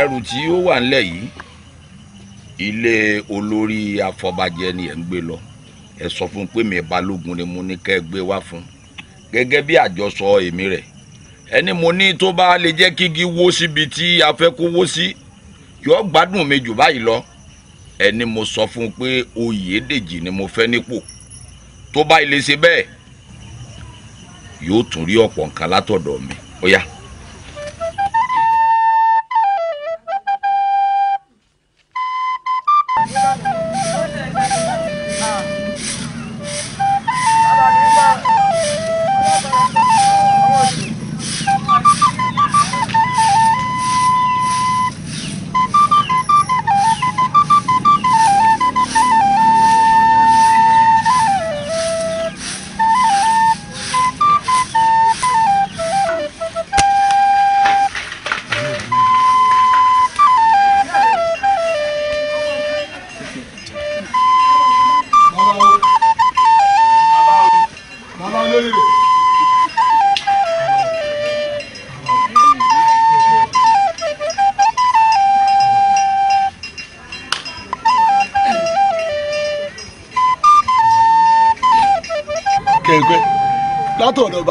ẹrù tí ó wà ńlẹ̀ yìí ilé olórí afọbajẹ ni ẹ̀ ń gbé lọ ẹ sọ fún un pé mi balógun ni mo ní kẹ́ ẹ gbé wá fún un gẹ́gẹ́ bí àjọsọ èmi rẹ̀ ẹni mo ní tó bá lè jẹ́ kígi wó síbi tí a fẹ́ kó wó sí yọ gbádùn mi jù báyìí lọ ẹni mo sọ fún un pé Oyèdèjì ni mo fẹ́ nípò tó bá ilé ṣe bẹ́ẹ̀ yóò tún rí ọ̀pọ̀ nǹkan látọ̀dọ̀ mi ó yá. Oh, yeah.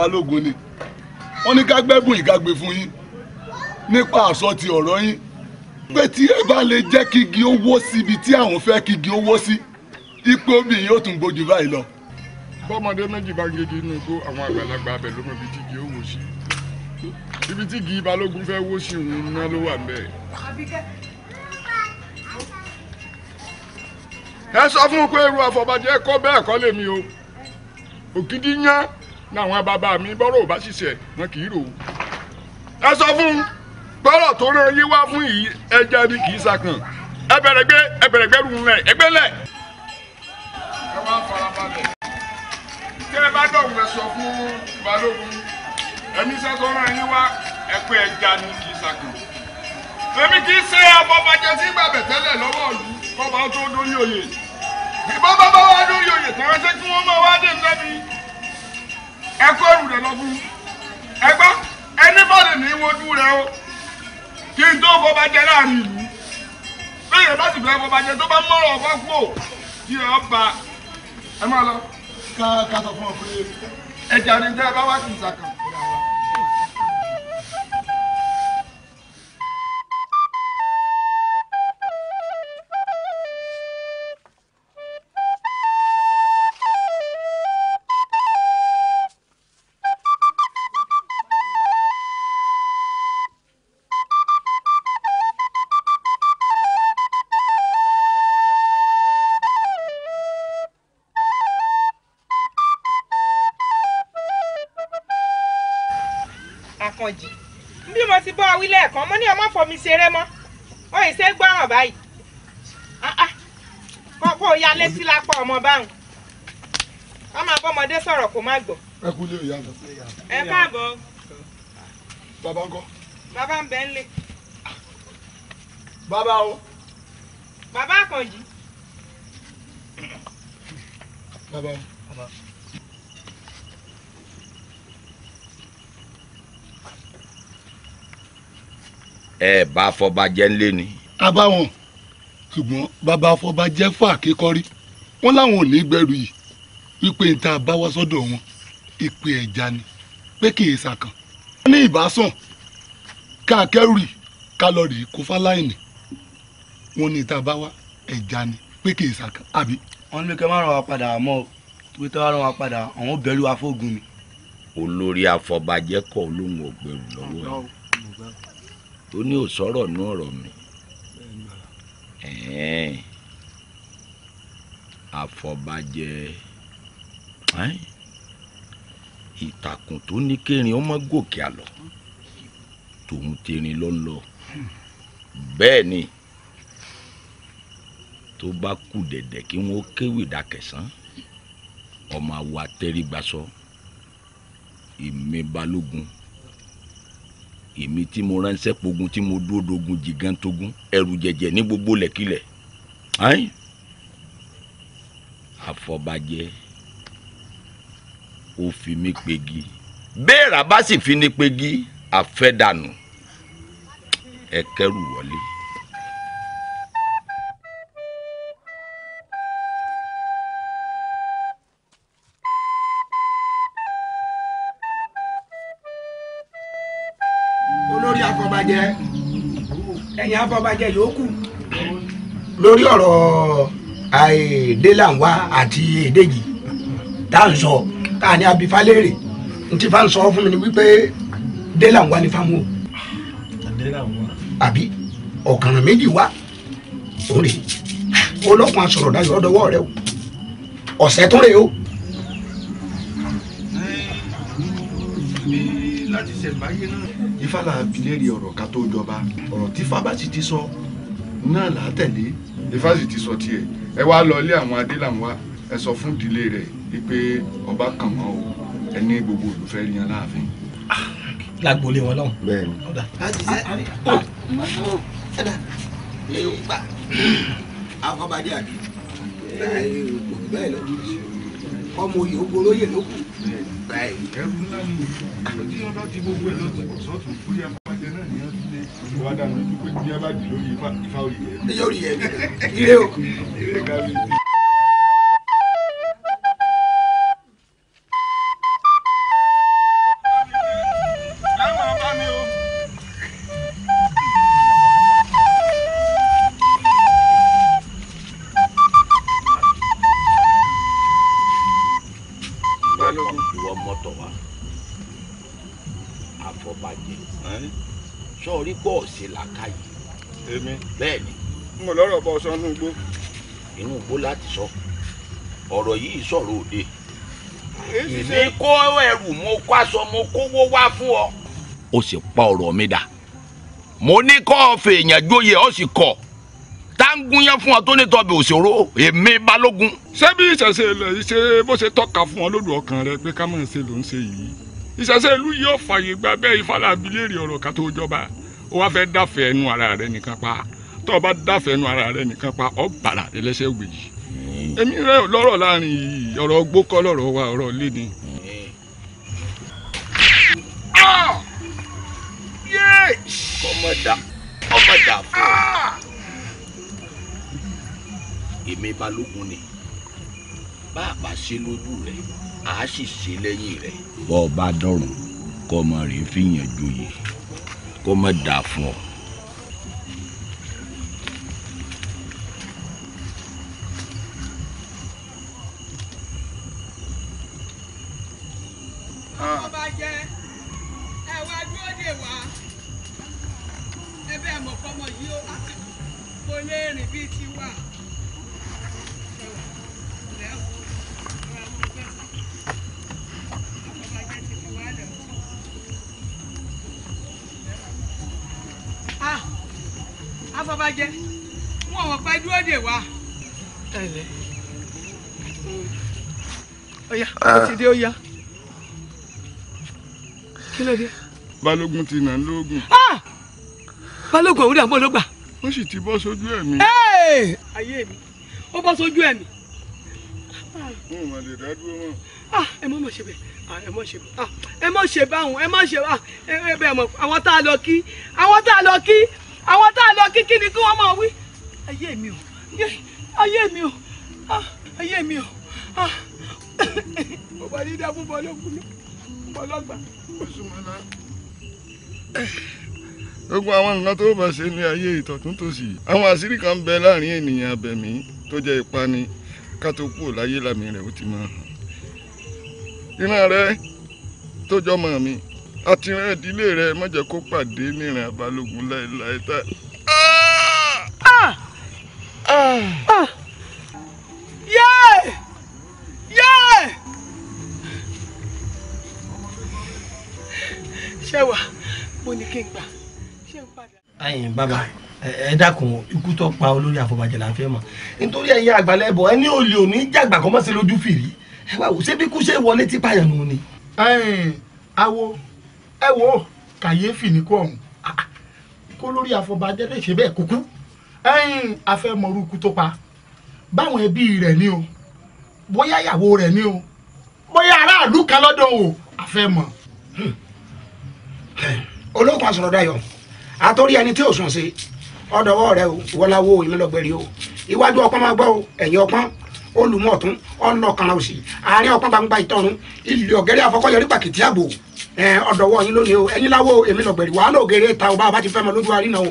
balógun ni wọ́n ní ká gbẹ́bùn ìkágbé fún yín nípa àsọtì ọ̀rọ̀ yín pé tí ẹ bá lè jẹ́ kí igi ó wó síbi tí àwọn fẹ́ kí igi ó wó sí ipò obìnrin yóò tún gbójú báyìí lọ. bọ́mọdé méjì bá gègé inú igbó àwọn àgbàlagbà abẹ ló mọ ibi tí igi ó wó sí ibi tí igi balógun fẹ́ wó sí òun náà ló wà ńbẹ̀. ẹ sọ fún un pé irú àfọ̀bàjẹ́ kọ́ bẹ́ẹ̀ kọ́ lèmi o ògidì yán làwọn bàbá mi bọ́rọ̀ ò bá ṣiṣẹ́ wọn kì í rò ó. ẹ sọ fún gbọ́rọ̀ tó rán yín wá fún yìí ẹja ni kì í sakàn ẹ bẹ̀rẹ̀ gbé ẹ bẹ̀rẹ̀ gbẹ́rù rẹ̀ ẹgbẹ́ lẹ̀. ẹ wá farabalẹ̀ tẹ́ ẹ bá dọ̀wọ́ ẹ sọ fún balógun ẹ̀mí iṣẹ́ tó rán yín wá ẹ pé ẹja ni kì í sakàn. èmi kì í ṣe abọ́bàjẹ́ sí gbàgbẹ́ tẹ́lẹ̀ lọ́wọ́ ìlú kọ́ba tó dórí oyè ìbọn bàbá wa dórí wá dé ẹ kó ẹrù rẹ lọ́gùn ẹ gbọ́ ẹni bá lè ní wojú rẹ o kí n tó fọba jẹ láàrin ìlú bẹ́ẹ̀ bá sì fẹ́ fọba jẹ tó bá mọ́rọ̀ ọ̀fọ́ kú ò kí ẹ ọba ẹ máa lọ. ká ká sọ fún ọ pé ẹja ni tẹ́ ẹ bá wá sí ìsàkàn. àfọ̀njì bí mo ti bọ́ wí lẹ́ẹ̀kan mo ní ọmọ fọ ṣeré mọ́ ó yìí ṣe gbọ́ràn báyìí ah, ah. kọ́kọ́ ya létí lápá ọmọ báwọn ọ máa bọ́mọdé sọ̀rọ̀ kó má gbọ́. ẹ kú ìyá mi. ẹ káàbọ̀. bàbá ń kọ́. bàbá ń bẹ ń lé. bàbá o. bàbá àkànjì. bàbá o. ẹ bá afọbajẹ ńlẹ ni. a bá wọn ṣùgbọ́n bàbá afọbajẹ fà kíkọ́rí wọn láwọn ò ní gbẹrù yìí wípé n ta bá wá sọ́dọ̀ wọn ìpè ẹja ni pé kì í sàkàn. wọ́n ní ìbásàn ká kẹ́rì kálọ̀rì kó fáláìní wọ́n ní ta bá wá ẹja ni pé kì í sàkàn àbí. wọ́n ní kí n má ràn wá padà àmọ́ pé tí wọ́n ràn wá padà àwọn ò wa fóògùn mi. olórí afọbajẹ kọ lóhùn ògbẹrù lọ́wọ́ ẹ tó ní ò sọ̀rọ̀ nú ọ̀rọ̀ mi àfọ̀bàjẹ́ ìtàkùn tó ní kérin ọmọ gòkè àlọ́ tòun tẹ̀rín lọ́lọ́ bẹ́ẹ̀ ni tó bá kù dẹ̀dẹ̀ kí wọ́n kéwì dakẹ̀sán ọmọ àwọ̀ àtẹrígbàsọ ìmí So èmi tí mo ránṣẹ́ pogun tí mo dúró dogun jìgàn togun ẹrù jẹjẹ ní gbogbo lẹ́kílẹ̀ ayin àfọbàjẹ́ ó fi mí pegi béèrà bá sì fi ní pegi àfẹ́dànù ẹ̀kẹ́rù wọlé. afọbajẹ ẹ̀yin afọbajẹ yòókù lórí ọ̀rọ̀ àìdélànwá àti èdèjì tá à ń sọ tá à ní abifálérè ntí fa ń sọ fún mi ni wípé délànwá ni fáwọn o àbí ọ̀kànnà méjì wá òun rèé ọlọ́pàá sọ̀rọ̀ dájú ọ̀dọ́wọ́ rẹ o ọ̀sẹ̀ tó rè o. láti ṣẹ̀báyé náà ifá là ń filẹ́rì ọ̀rọ̀ ká tó jọba ọ̀rọ̀ tí ifá bá sì ti sọ náà là á tẹ̀lé. ifá sì ti sọ tiẹ̀ ẹ wá lọ ilé àwọn adélànwá ẹ sọ fún ìdílé rẹ̀ wípé ọba kàn wọ́n o ẹ ní gbogbo olùfẹ́ rí yan láàfin. lágboolé wọn lọ́hùn. bẹ́ẹ̀ni. Ah, ah. Ah, àwọn ọba dí ọmọ yìí ó gbólóyè ló ẹrú ńlá ni ojú yẹn bá ti gbogbo ẹ lọ́tún sọ́tún fúri ni wọ́n ti lé wá dànù ojú pé bí a bá dì sọ inú igbó. inú igbó láti sọ ọ̀rọ̀ yìí sọ̀rọ̀ òde èmi kó ẹrù mo kó aṣọ mo kówó wá fún ọ. ó sì pa ọ̀rọ̀ mi dà mo ní kọ́ ọ fèèyàn gbóyè ọ sì kọ̀ táǹgúnyán fún ọ tó ní tọbi òṣòro èmi balógun. ṣé bí ìṣẹ̀ṣe ilẹ̀ yìí ṣe bó ṣe tọ́ka fún ọ lódù ọkàn rẹ pé ká máa ṣe ló ń ṣe yìí ìṣẹ̀ṣe ìlú yìí fààyè gba bẹ́ẹ̀ ìfàlàbí léèrè ọ̀rọ̀ ká jọba ó wá fẹ́ dáfẹ́ ẹnu ara rẹ nìkan pa tó o bá dáfẹ́nu ara rẹ nìkan pa ọ́ bàrà ẹlẹ́sẹ̀ gbèjì èmi rẹ lọ́rọ̀ láàrin yìí ọ̀rọ̀ gbókọ́ lọ́rọ̀ wa ọ̀rọ̀ lé ni. kọ́mọ̀dà kọ́mọ̀dà fún èmi balógun ni bá a bá ṣe lójú rẹ a sì ṣe lẹ́yìn rẹ. bọ́ ọ bá dọ̀rùn kọ́ ọmọ rẹ̀ fi yàn joyè kọ́mọ̀dà fún ọ. bá jẹ́ wọn ò pẹ́ dúró dè wá. ọ̀yà ah. ó ti dé ó yá kí ló dé. balógun ti nà ń lóògùn. Ah! balógun òwúrọ̀ àmọ́ ló gbà. ó sì ti bọ́ sójú ẹ̀ mi. ayé mi ó bọ́ sójú ẹ̀ mi. mo mà lè dá dúró mọ́. Ah, ẹ mọ̀ mọ̀ ṣe bẹ́ẹ̀ ẹ mọ̀ ṣe ẹ mọ̀ ṣe báwọn ẹ bẹ́ẹ̀ mọ̀ àwọn tá a lọ kí àwọn tá a lọ kí àwọn tá a lọ kíkí ni kí wọ́n máa wí. ayé mi o ayé mi o ah, ayé mi o. Ah. mo bá ní dábò bọ́ gbogbo àwọn nǹkan tó bá ṣe ní ayé ìtọ̀tún tòsì àwọn àṣírí kan bẹ láàrin ènìyàn abẹ̀mí tó jẹ́ ìpani ká tó kúrò àtìrán ìdílé rẹ má jẹ́ kó pàdé níran balógun láéláé tá. yẹ́ẹ̀ yẹ́ẹ̀ ṣẹ́wà mo ní kí n gbà ṣé n padà. ayin bàbá ẹ dákun ikú tó pa olórí àfọbàjẹ là ń fẹ́ mọ̀ nítorí ẹ̀yin àgbàlẹ̀ bọ̀ ẹni olè òní jàgbà kọ́ lójú fìrí ẹ wá wò ṣé bí kú ṣe wọlé tí pààyàn nù ni. awo ẹ wo kàyéfì ní kú ọ̀hún ah, ah. kó lórí àfọbàjẹ́ lè ṣe bẹ́ẹ̀ kúkú ẹ̀yìn afẹ́mọ̀rúkú tó pa báwọn ẹbí rẹ̀ ni o bóyá ìyàwó rẹ̀ ni o bóyá aráàlú kan lọ́dọ̀ o àfẹ́mọ̀. olókùn àsọ̀rọ̀ dayọ̀ àtọ́rí ẹni tí ò sùn sí ọ̀dọ̀wọ́ rẹ o ìwọ́láwó o iwájú ọpọ́n máa gbọ́ o ẹ̀yìn olùmọ̀tún ọlọ́kanra òsì àárín ọ̀pọ̀ gbangba ìtọ́run ilé ọ̀gẹ́rẹ́ àfọkọ́yọrí pàkìtì ààbò ọ̀dọ̀wọ́ yín lónìí o ẹ̀yin láwo èmi lọ̀gbẹ̀rì wàhálà ògèrè ta ọba àbá ti fẹ́ mọ lójú àrínà o.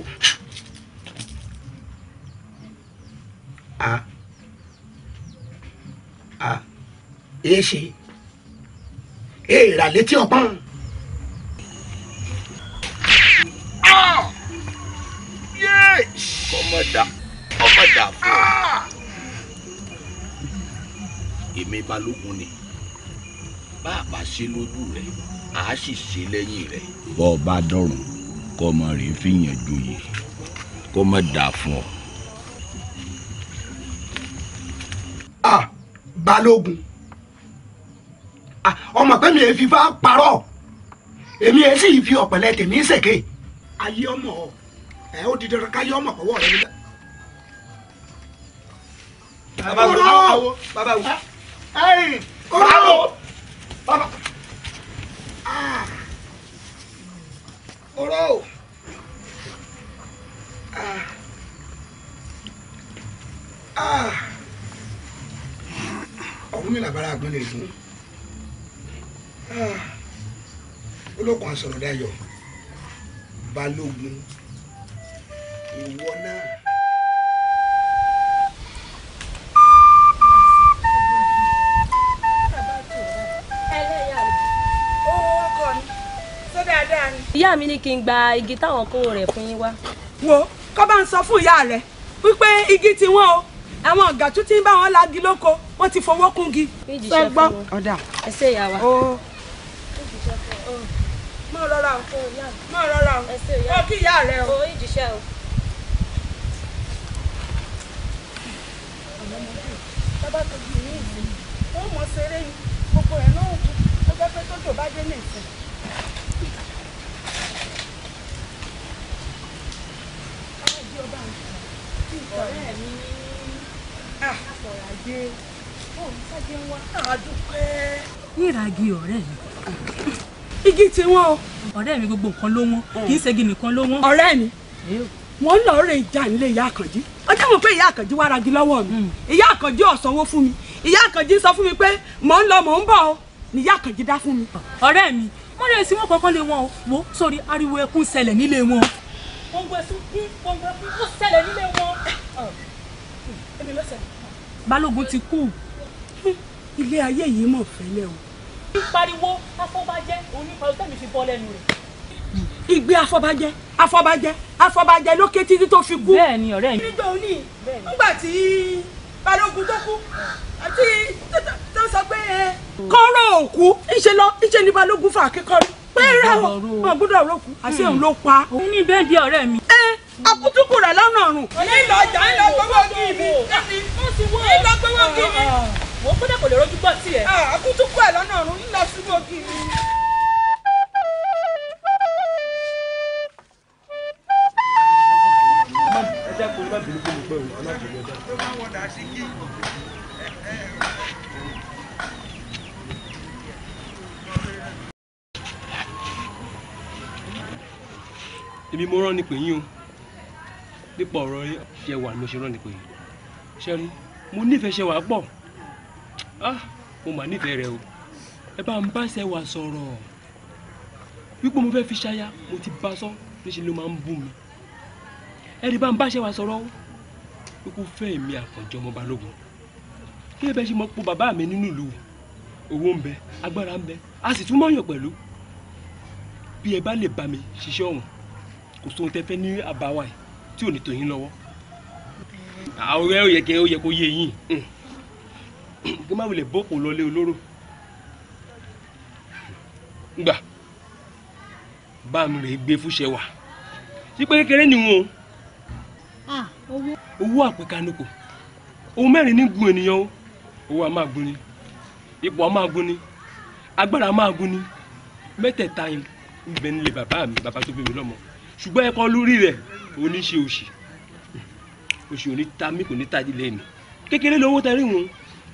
a a èé e ṣe èé e rà létí ọpọ́n. Ah! kọ́mọ̀dà kọ́mọ̀dà fún ọ. Ah! èmi balógun ni bá a bá ṣe lójú rẹ a sì ṣe lẹ́yìn rẹ. bọ́ ọ bá dọ̀rùn kọ́ ọmọ rẹ fìyàn joyè kọ́ ọmọ dà fún ọ. ah balógun ah ọmọ pẹ́ mi ẹ̀ fi fá parọ́ èmi ẹ̀ sì fi ọ̀pẹ̀lẹ̀ tèmi ṣèké ayé ọmọ ẹ ó di dandan káyé ọmọ pọ̀wọ́ rẹ nígbà. bàbá wo bàbá wo ẹ̀yìn kọ́láwọ́ bàbá. ọ̀rọ̀ o. ọ̀hún mi làbára àgbọn lè gún ah. olókùn àsọ̀rọ̀ dayọ̀ balógun ìwọ náà. dáadáa ni. ìyá mi ní kí n gba igi táwọn kó rẹ̀ fún yín wá. wo kọ́ bá ń sọ fún ìyá rẹ̀ wípé igi ti wọ́n o àwọn ọ̀gá tún ti ń bá wọn lagi lóko wọ́n ti fowó kúngi. fẹ́ gbọ́ ọ̀dà ẹsẹ̀ ìyá wa. mọ rọra o mọ rọra o mọ kí ìyá rẹ o. bàbá tó di ní ìsìn ó mọ̀ ṣeré ni gbogbo ẹ̀ náà ó jẹ́ pé tójò bá dé ní ìsìn. ọ̀rẹ́ mi ní àfọ̀ràdé òun sáájú wa náà dúpẹ́. ìràgì ọ̀rẹ́ mi ah. igi ti wọ́n o. ọ̀rẹ́ mi gbogbo nǹkan ló wọ́n mm. kì í ṣegi nìkan ló wọ́n. ọ̀rẹ́ mi wọ́n lọ rè ìjà nílé ìyá àkànjí ọjọ́ mọ̀ pé ìyá àkànjí wá ragi lọ́wọ́ mi mm. ìyá àkànjí ò sanwó fún mi ìyá àkànjí sọ fún mi pé mò ń lọ mò ń bọ̀ o ni ìyá àkànjí dá fún mi. ọ̀rẹ́ mi wọ́n lè sí kankan lé wọn o wo sórí ariwo ẹkún ṣẹlẹ̀ nílé wọn gbogbo ẹ̀sùn kún gbogbo ẹ̀kún ó ṣẹlẹ̀ nílé wọn. èmi balógun ti kú ilé ayé yìí mọ̀ fẹ́lẹ́ o. pariwo afọbajẹ onípariwo tẹ̀mí fi bọ́ lẹ́nu rẹ̀. ìgbé afọbajẹ afọbajẹ afọbajẹ lókè títí tó fi kú. bẹ́ẹ̀ni ọ̀rẹ́ mi. níjọ òní nígbà tí balógun tó kú àti tó sọ pé. Mm. kọ́rọ̀ òkú ńṣe lọ ńṣe ní balógun fà kékọ́rí pẹ́ẹ́rẹ́ wọn wọn gbọ́dọ̀ rókù àṣẹ òun ló pa. òun ní bẹ́ẹ̀ di ọ̀rẹ́ mi. ẹ akutuku rẹ lọ́nà ọ̀run. nílò ọjà ńlọ gbogbo kí mi nílò gbogbo kí mi. mo gbọ́dọ̀ kò lè rojú gbọ́ tiẹ̀. Ah, akutuku rẹ lọ́nà ọ̀run nílò gbogbo kí mi. ẹ èmi mo rán ni pè yín o nípa ọ̀rọ̀ ṣẹwà ni mo ṣe rán ni pè yín ṣẹ́rí mo nífẹ̀ẹ́ ṣẹwà pọ̀ ah mo mà nífẹ̀ẹ́ rẹ o ẹ bá ń bá ṣẹwà sọ̀rọ̀ wípé mo fẹ́ fi ṣaya mo ti bá sọ níṣẹ́ ló máa ń bú mi ẹ rí bá ń bá ṣẹwà sọ̀rọ̀ o wípé fẹ́ mi àkànjọ ọmọ balógun kí ẹ bẹ́ ṣe mọ pé bàbá mi nínú ìlú owó ń bẹ agbára ń bẹ a sì tún mọ̀yàn pẹ̀lú bí ẹ bá lè bá mi ṣiṣẹ́ ọ̀hún kò sóhun tẹ́ fẹ́ ní àbáwá yìí tí ò ní tòyín lọ́wọ́ àwọn ọ̀rẹ́ òye kẹ ó yẹ kó yé yín kí má wulẹ̀ bọ́pọ̀ lọlé olóró gbà bá mi rè gbé fúnṣẹ wà sí pé kékeré ni wọn o owó àpèkánukò ohun mẹ́rin ní gun ènìyàn o owó a máa gun ni ipò a máa gun ni agbára a máa gun ni mẹ́tẹ̀ẹ̀ta ibẹ̀ nílé bàbá mi bàbá tó bí mi lọ́mọ ṣùgbọ́n ẹ̀kọ́ lórí rẹ̀ oníṣe òṣì òṣì òní ta mí kò ní tají lẹ́nu kékeré lówó tẹrí wọn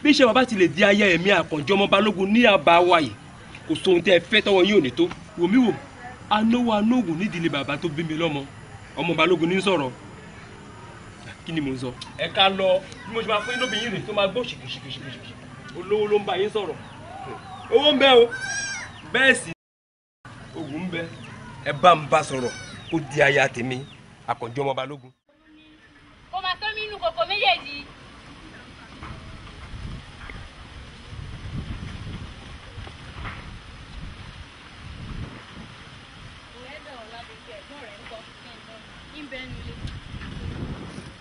bí iṣẹ́ bàbá ti lè di aya ẹ̀mí àkànjọ́ ọmọ balógun ní àbá wàyí kò sóhun tẹ́ ẹ fẹ́ tọwọ́ yín ò ní tó wòmí wò anáwó anóògùn nídìílé bàbá tó bí mi lọ́mọ ọmọ balógun ní sọ̀rọ̀ kí ni mò ń sọ. ẹ ká lọ bí mo ṣe máa fún inú obìnrin rè tó máa gbọ́ ṣìkìṣìkìṣìkì olówó ló ń bá yín sọ̀rọ̀ owó ń bẹ o bẹ́ẹ̀ sì oògùn ń bẹ ẹ bá ń bá sọ̀rọ̀ kó di aya tèmi àkànjọ ọmọ balógun. kò máa tó mí nù kòkò méjèèjì.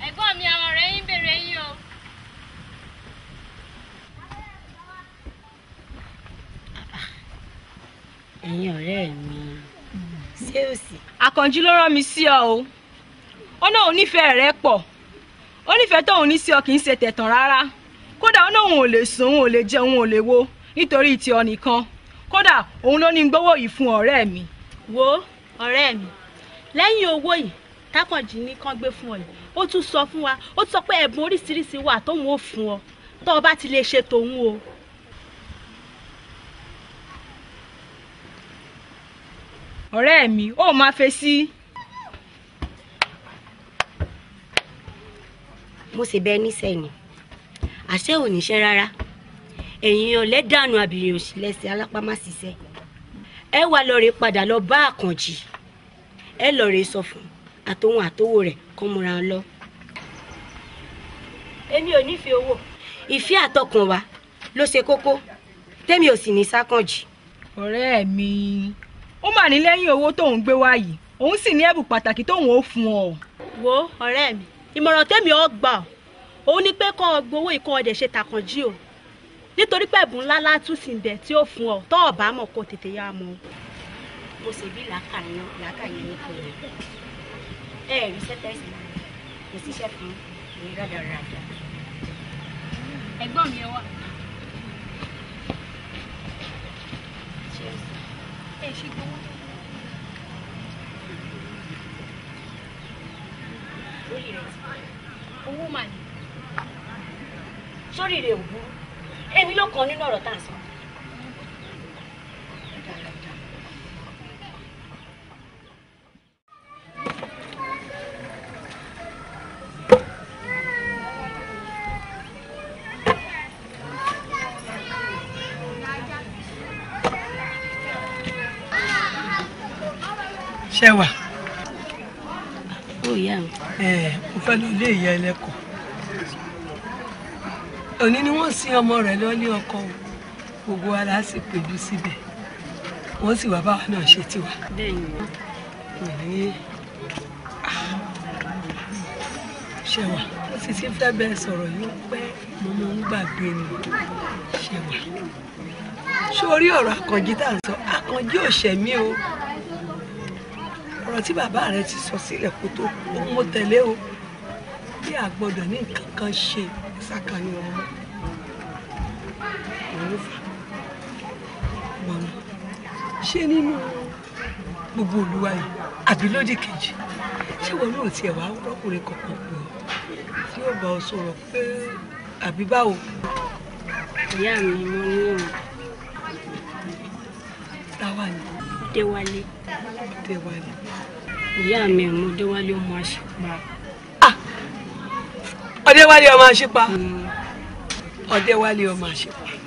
ẹ̀gbọ́n mi àwọn ọ̀rẹ́ yín béèrè yín o. ẹ̀yin ọ̀rẹ́ mi ṣé o sì àkànjí ló rán mi sí ọ o ó náà onífẹ̀ẹ́ rẹ pọ̀ onífẹ̀ẹ́ tóun ní sí ọ kì í ṣe tẹ̀tàn rárá kódà ó náà òun ò lè sùn òun ò lè jẹ òun ò lè wo nítorí ti ọ nìkan kódà òun ló ní gbówó yìí fún ọ̀rẹ́ mi. wo ọ̀rẹ́ mi lẹ́yìn owó yìí tákànjì ní kán gbé fún ọ yìí ó tún sọ fún wa ó tún sọ pé ẹ̀bùn oríṣiríṣi wà tóun ó fún ọ tó o bá ti lè ṣe tòun o ọ̀rẹ́ mi ó máa fèsì. mo sì bẹ níṣẹ́ ni àṣẹ ò níṣẹ́ rárá èyàn lẹ́dàánú àbìrìn òsì lẹ́sẹ̀ alápámá ṣiṣẹ́ ẹ wà lọ́ọ̀rẹ́ padà lọ bá àkànjì ẹ lọ́ọ̀rẹ́ sọ fún àtòhun àtòwò rẹ̀ kọ́ múra lọ. èmi ò nífẹ̀ẹ́ owó ìfẹ́ àtọkànwá ló ṣe kókó tẹ́mi ò sì ní sákànjì. ọ̀rẹ́ mi ó mà ní lẹ́yìn owó tóun gbé wá yìí òun sì ní ẹ̀bùn pàtàkì tóun ó fún ọ. wo ọ̀rẹ́ mi ìmọ̀ràn tèmi ọ gbà ọ́ òun ni pé kọ́ ọ gbowó ìkọ́ ọdẹ ṣe tàkànjí o nítorí pé ẹ̀bùn ńlá látú sí ń bẹ tí ó fún ọ tọ́ ọ̀bá mọ̀ kó tètè yá mọ́. mo sì bí làákàyè làákàyè ní kò rẹ̀ ẹ rí sẹ́tẹ̀sì kò síṣẹ́ fún mi rádaràdà ẹ̀gbọ́n mi ẹ wà. lè ṣe gbowó tó kù. lórí rẹ̀ owó mà ní sórí rẹ̀ sọ. ṣe wà. ó yá o. ẹ mo fẹ́ lọ ilé ìyá ẹlẹ́kọ̀ọ́ òní ni wọ́n sin ọmọ rẹ̀ lọ́lé ọkọ o gbogbo wa la sì péjú síbẹ̀ wọ́n sì wá báwa náà ṣe tiwa. bẹ́ẹ̀ni wọn ní ṣẹwà ó sì ti fẹ́ bẹ́ẹ̀ sọ̀rọ̀ yóò pẹ́ mo mọ ń gbàgbé ni ṣẹwà sórí ọ̀rọ̀ àkànjí tá à ń sọ àkànjí ò ṣẹ̀mí o ọ̀rọ̀ tí bàbá rẹ ti sọ sílẹ̀ kó tó kú mo tẹ̀lé o bí a gbọ́dọ̀ ní nǹkan kan ṣe sàkàní ọmọ òun fà mọ̀mọ́ ṣé nínú gbogbo olúwa yìí àbí lódì kejì ṣé wọn náà tiẹ̀ wá rọ́kùnrin kankan pè ọ́ tí yóò bá ọ sọ̀rọ̀ pé àbí báwo. ìyá mi mo ní ìrìn. táwa ni. Déwálé. Déwálé ìyá mi ọmọdéwálé ọmọ àṣepa. ọdẹwálé ọmọ àṣepa ọdẹwálé ah! ọmọ àṣepa hmm.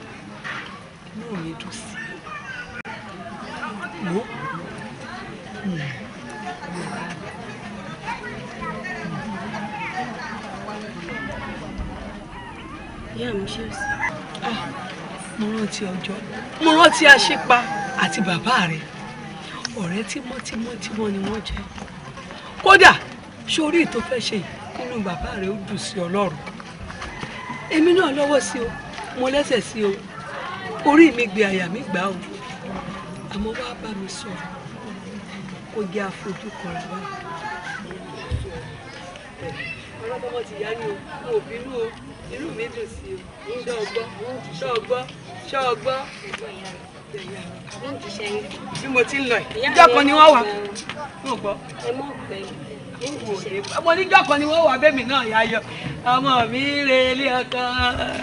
inú mi dùn sí i mo. ìyá mi ṣe sí. Ah! mo rántí ọjọ́ mo rántí àṣepa àti bàbá rẹ̀ ọ̀rẹ́ tímọ́tímọ́ tí wọ́n ni wọ́n jẹ́ kódà sórí tó fẹ́ ṣe nínú bàbá rẹ̀ ó dùn sí ọlọ́run èmi náà lọ́wọ́ sí o mo lẹ́sẹ̀ sí o orí mi gbé àyà mi gbà o àmọ́ wá bá mi sọ̀rọ̀ kó jẹ́ àfojú kan rẹ̀ báyìí ọlọ́mọ ti yá ni o mo ò bínú o inú mi dùn sí o ṣọ́ọ̀gbọ́ ṣọ́ọ̀gbọ́ ṣọ́ọ̀gbọ́ bí mo ti ń lọ yìí ìjọ kan ni wọ́n wà mo gbọ́ mo ní ìjọ kan ni wọ́n wà bẹ́ẹ̀ mi náà yá yọ ọmọ mi rèé lé ọkàn.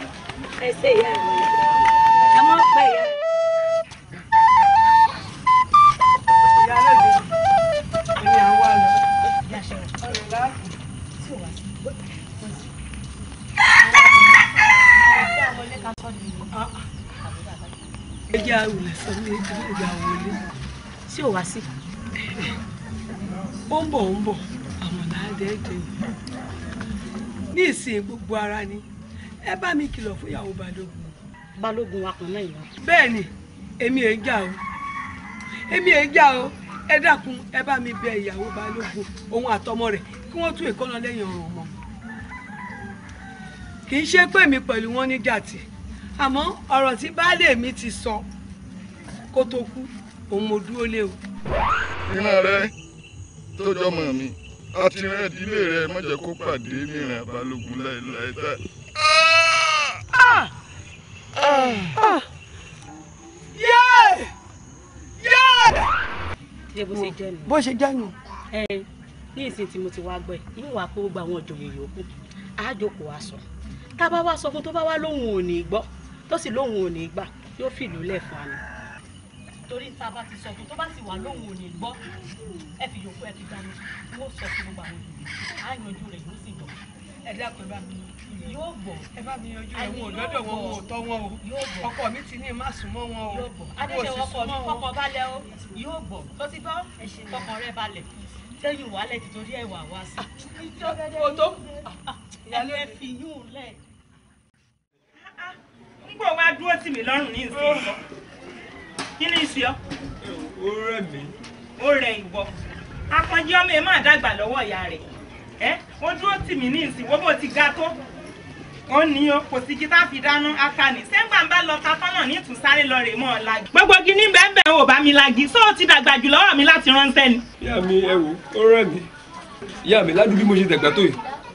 ẹ ṣe ìyá mi. tí ò wá sí. ó ń bọ̀ ó ń bọ̀ àmọ̀là àdẹ́ẹ̀dẹ́ ní ìsìn gbogbo ara ni ẹ bá mi kìlọ̀ fún ìyàwó balógun. balógun wa kan náà yìí. bẹ́ẹ̀ ni èmi ẹ̀ ń jà o èmi ẹ̀ ń jà o ẹ dákun ẹ bá mi bẹ ìyàwó balógun òun àtọmọ rẹ̀ kí wọ́n tún ìkọ́nà lẹ́yìn ọ̀rọ̀ ọmọ kì í ṣe pé mi pẹ̀lú wọn ní jàtì àmọ́ ọ̀rọ̀ tí baálé mi ti sọ kó tó kú òun mo dúró lé o. ìran rẹ tó jọmọ mi àti ìran ìdílé rẹ má jẹ́ kó pàdé níran balógun láéláé tá. bó ṣe jẹ́ nù. ní ìsìn tí mo ti wá gbọ́ ẹ̀ yóò wá kó gbogbo àwọn ìjòyè yòókù àjòkò wa sọ tá a bá wá sọ fún tó bá wá lóhùn ò ní gbọ́ tó sì lóhùn ò ní gbà yóò fìlú lẹ̀ fún wa ni torí tá a bá ti sọ fún tó bá sì wà lóhùn ò ní gbọ́ ẹ fi yòókù ẹ fi dání wọ́n sọ fún gbogbo àwọn ènìyàn á yanjú rẹ̀ yóò sì gbọ́ ẹ dákun ẹ bá mi yóò gbọ́ ẹ bá mi yanjú rẹ̀ wọn ò lọ́dọ̀ wọn wọn ò tọ́ wọn o ọkọ mi ti ní má sùn mọ́ wọn o yóò gbọ́ adéṣe ọkọ mi kọ́kọ́ o yóò gbọ́ tó ti bọ́ kọ́kọ́ rẹ̀ balẹ̀ sẹ́yìn wàhálẹ̀ ti torí ẹ̀wà wá sí i ẹ fi yún un lẹ̀. ń gbọ́ wá dúró tì mí lọ́rùn ní ìsinyìí kí ni ìsì ọ. ó rẹ̀ mí. ó rẹ̀ ìwọ akànjí ọmọ ẹ máa dàgbà lọ́wọ́ ìyá rẹ̀ ẹ ó dúró tì mí ní ìsìn wọ́n bó ti ga tó ó ní o kò sí kí tá a fi dáná akani sẹ́ńgbà ń bá lọ ta tọ́nà ní ìtúsáré lọ rè mọ́ ọ lagi. gbogbo gini bẹ́ẹ̀ ò bá mi lagi só o ti dàgbà jù lọ́wọ́ mi láti ránṣẹ́ ni. ìyá mi ẹ wò ó rẹ̀ mí ìyá mi ládùúgbò mo ṣe dàgbà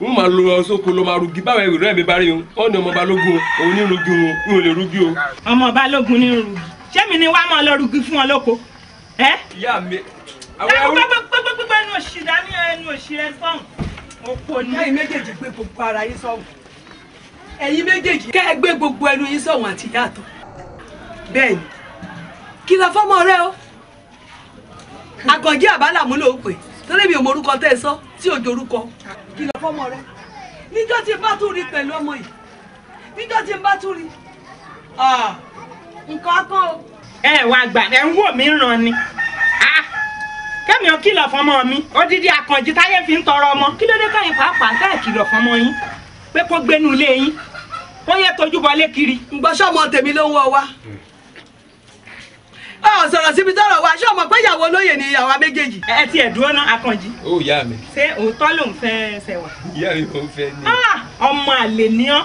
n máa lọ sóko lọ máa rugi báwọn ẹrù rẹ mi bá rí o ó ní ọmọ balógun o òun ní rugi o n ò lè rugi o. ọmọ balógun ní rugi ṣé mi ni wàá máa lọ rugi fún ọ lóko. ìyá mi àwọn ẹrú. gbogbogbogbogbò ẹnu òṣì dání ẹnu òṣì ẹ sọ̀hún òpó ni. ẹ̀yin méjèèjì gbé gbogbo ara yín sọ̀hún ẹ̀yin méjèèjì kẹ́ ẹ gbé gbogbo ẹnu yín sọ̀hún àti yàtọ̀ bẹ́ẹ̀ ni kìlọ̀ fọ́mọ rẹ o àkànjẹ́ àbálàmú ló pè torí mi ò morúkọ tẹ́ ẹ sọ tí òjò orúkọ kìlọ̀ fọ́mọ rẹ níjọ́ tí n bá tún pẹ̀lú ọmọ yìí níjọ́ tí bá tún ah! nǹkan kan o. ẹ wá gbà ẹ ń wò mí ràn ni ah, kẹ́mi ò kìlọ̀ fọmọ mi odidi àkànjí táyé fi ń tọrọ ọmọ kí ló dé káyìn pàápàá táyà kìlọ̀ fọmọ yín pé kó gbénu ilé yín kó yẹ tójú bọlé kiri. ǹgbọ́ sọ́mọ tèmi ló ń wọ wa ọ sọ̀rọ̀ síbi tọ̀rọ̀ wa ṣé ọmọ pé ìyàwó olóyè ni ìyàwó méjèèjì. ẹ ti ẹ̀ dúró náà akànjí. ó yá mi. ṣé òótọ́ ló ń fẹ́ ṣe wà. ìyá mi ò fẹ́ ni. Ah, ọmọ àlè ni ọ́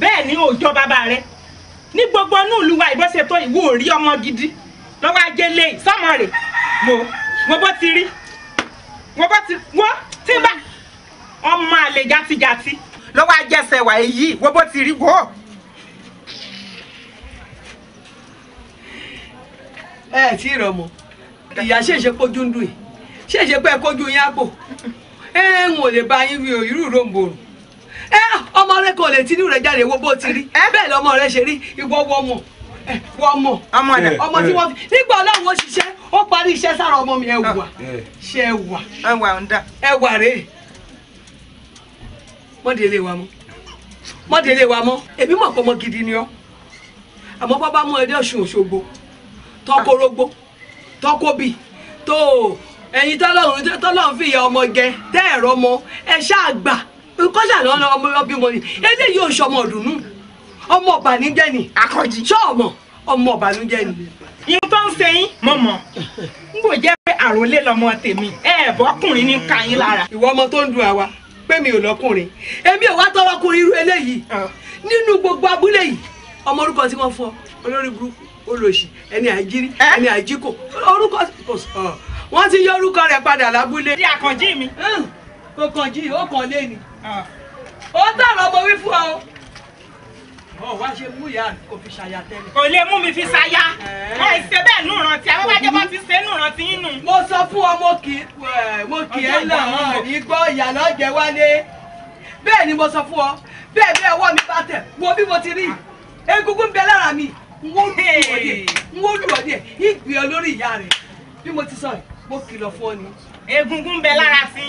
bẹ́ẹ̀ ni òòjọ́ bàbá rẹ̀ ní gbogbo inú ìlú wa ìbọn ṣètò ìwò òrí ọmọ gidi lọ́wọ́ ajé lé sọ́mọ rẹ̀ mo mo bó ti rí mo bó ti wọ́n tí bá ọmọ àlè jàtijàti lọ́wọ́ ajẹsẹ̀ wà èyí wo bó ti rí wò. ẹ ẹ tí ì rọmọ ìyá ṣèṣe kójú ń dùn yìí ṣèṣe pé kójú yín àpò ẹ ń wò lè bá yín wí òyìnbó ròǹbòrùn. Eh, ọmọ rẹ kò lè tinú rẹ jáde wo bó ti rí eh? bẹ́ẹ̀ lọmọ rẹ ṣe rí ìwọ wọmọ eh, wọmọ ọmọ tí wọ́n fi nígbà Ọlọ́run ó ṣiṣẹ́ ó parí iṣẹ́ sára ọmọ mi ẹwà ah, ṣe ẹwà ẹwà rèé mọ́délé wa mọ́ mọ́délé wa mọ́ èmi mọ̀ pé ọmọ gidi ni ọ́ àmọ́ bá bá mú ẹdẹ Ọ̀ṣun Òṣogbo tọkọrọgbó tọkọbì tó ẹ̀yin tọ́lọ́run fi ìyá ọmọ jẹ tẹ́ ẹ̀rọ mọ ẹ ṣáà gbà nǹkan ṣàlọ́ ọmọ ọbímọ ni eléyìí ò ṣọmọ ọ̀dùnnú ọmọ ọ̀bànújẹ́ ni akọ́jì ṣọ́ọ̀mọ̀ ọmọ ọ̀bànújẹ́ ni. ìyẹn tó ń ṣe yín mọ̀mọ́ n kò jẹ́ pé àròlé lọmọ tèmi ẹ̀ bọ́kùnrin ní ká yín lára. ìwọ ọmọ tó ń dun àwa pé mi ò lọ́kùnrin èmi ò wá tọwọ́kùnrin irú eléyìí ah. nínú gbogbo abúlé yìí ọmọ orúkọ tí wọ́n fọ olórí burúkú olóṣì ẹni àjírí ẹni àjíkò orúkọ wọn ti yọ orúkọ rẹ padà lábúlé. ní àkànjí mi. ó kànjí ó kàn lé ni ó tọrọ mo wí fún ọ. ọ wá ṣe mú ìyá kò fi ṣàyà tẹ́lẹ̀. kò lè mú mi fi ṣàyà ẹ ṣe bẹ́ẹ̀ nù rántí àwọn bá jẹ́ bá ti ṣe nù rántí yín nù. mo sọ fún ọ mo kì í mo kì í lọ ní gbọ́ ìyànà jẹ wálé bẹ́ẹ̀ ni mo sọ fún ọ bẹ́ẹ̀ bí ọwọ́ mi bá tẹ̀ wo bí mo ti rí egungun bẹ lára mi n wo lù ọ díẹ̀ n wo lù ọ díẹ̀ ìgbì olórí ìyá rẹ̀ bí mo ti sọ yìí mo kìlọ̀ fún ọ ni. egungun bẹ lára sí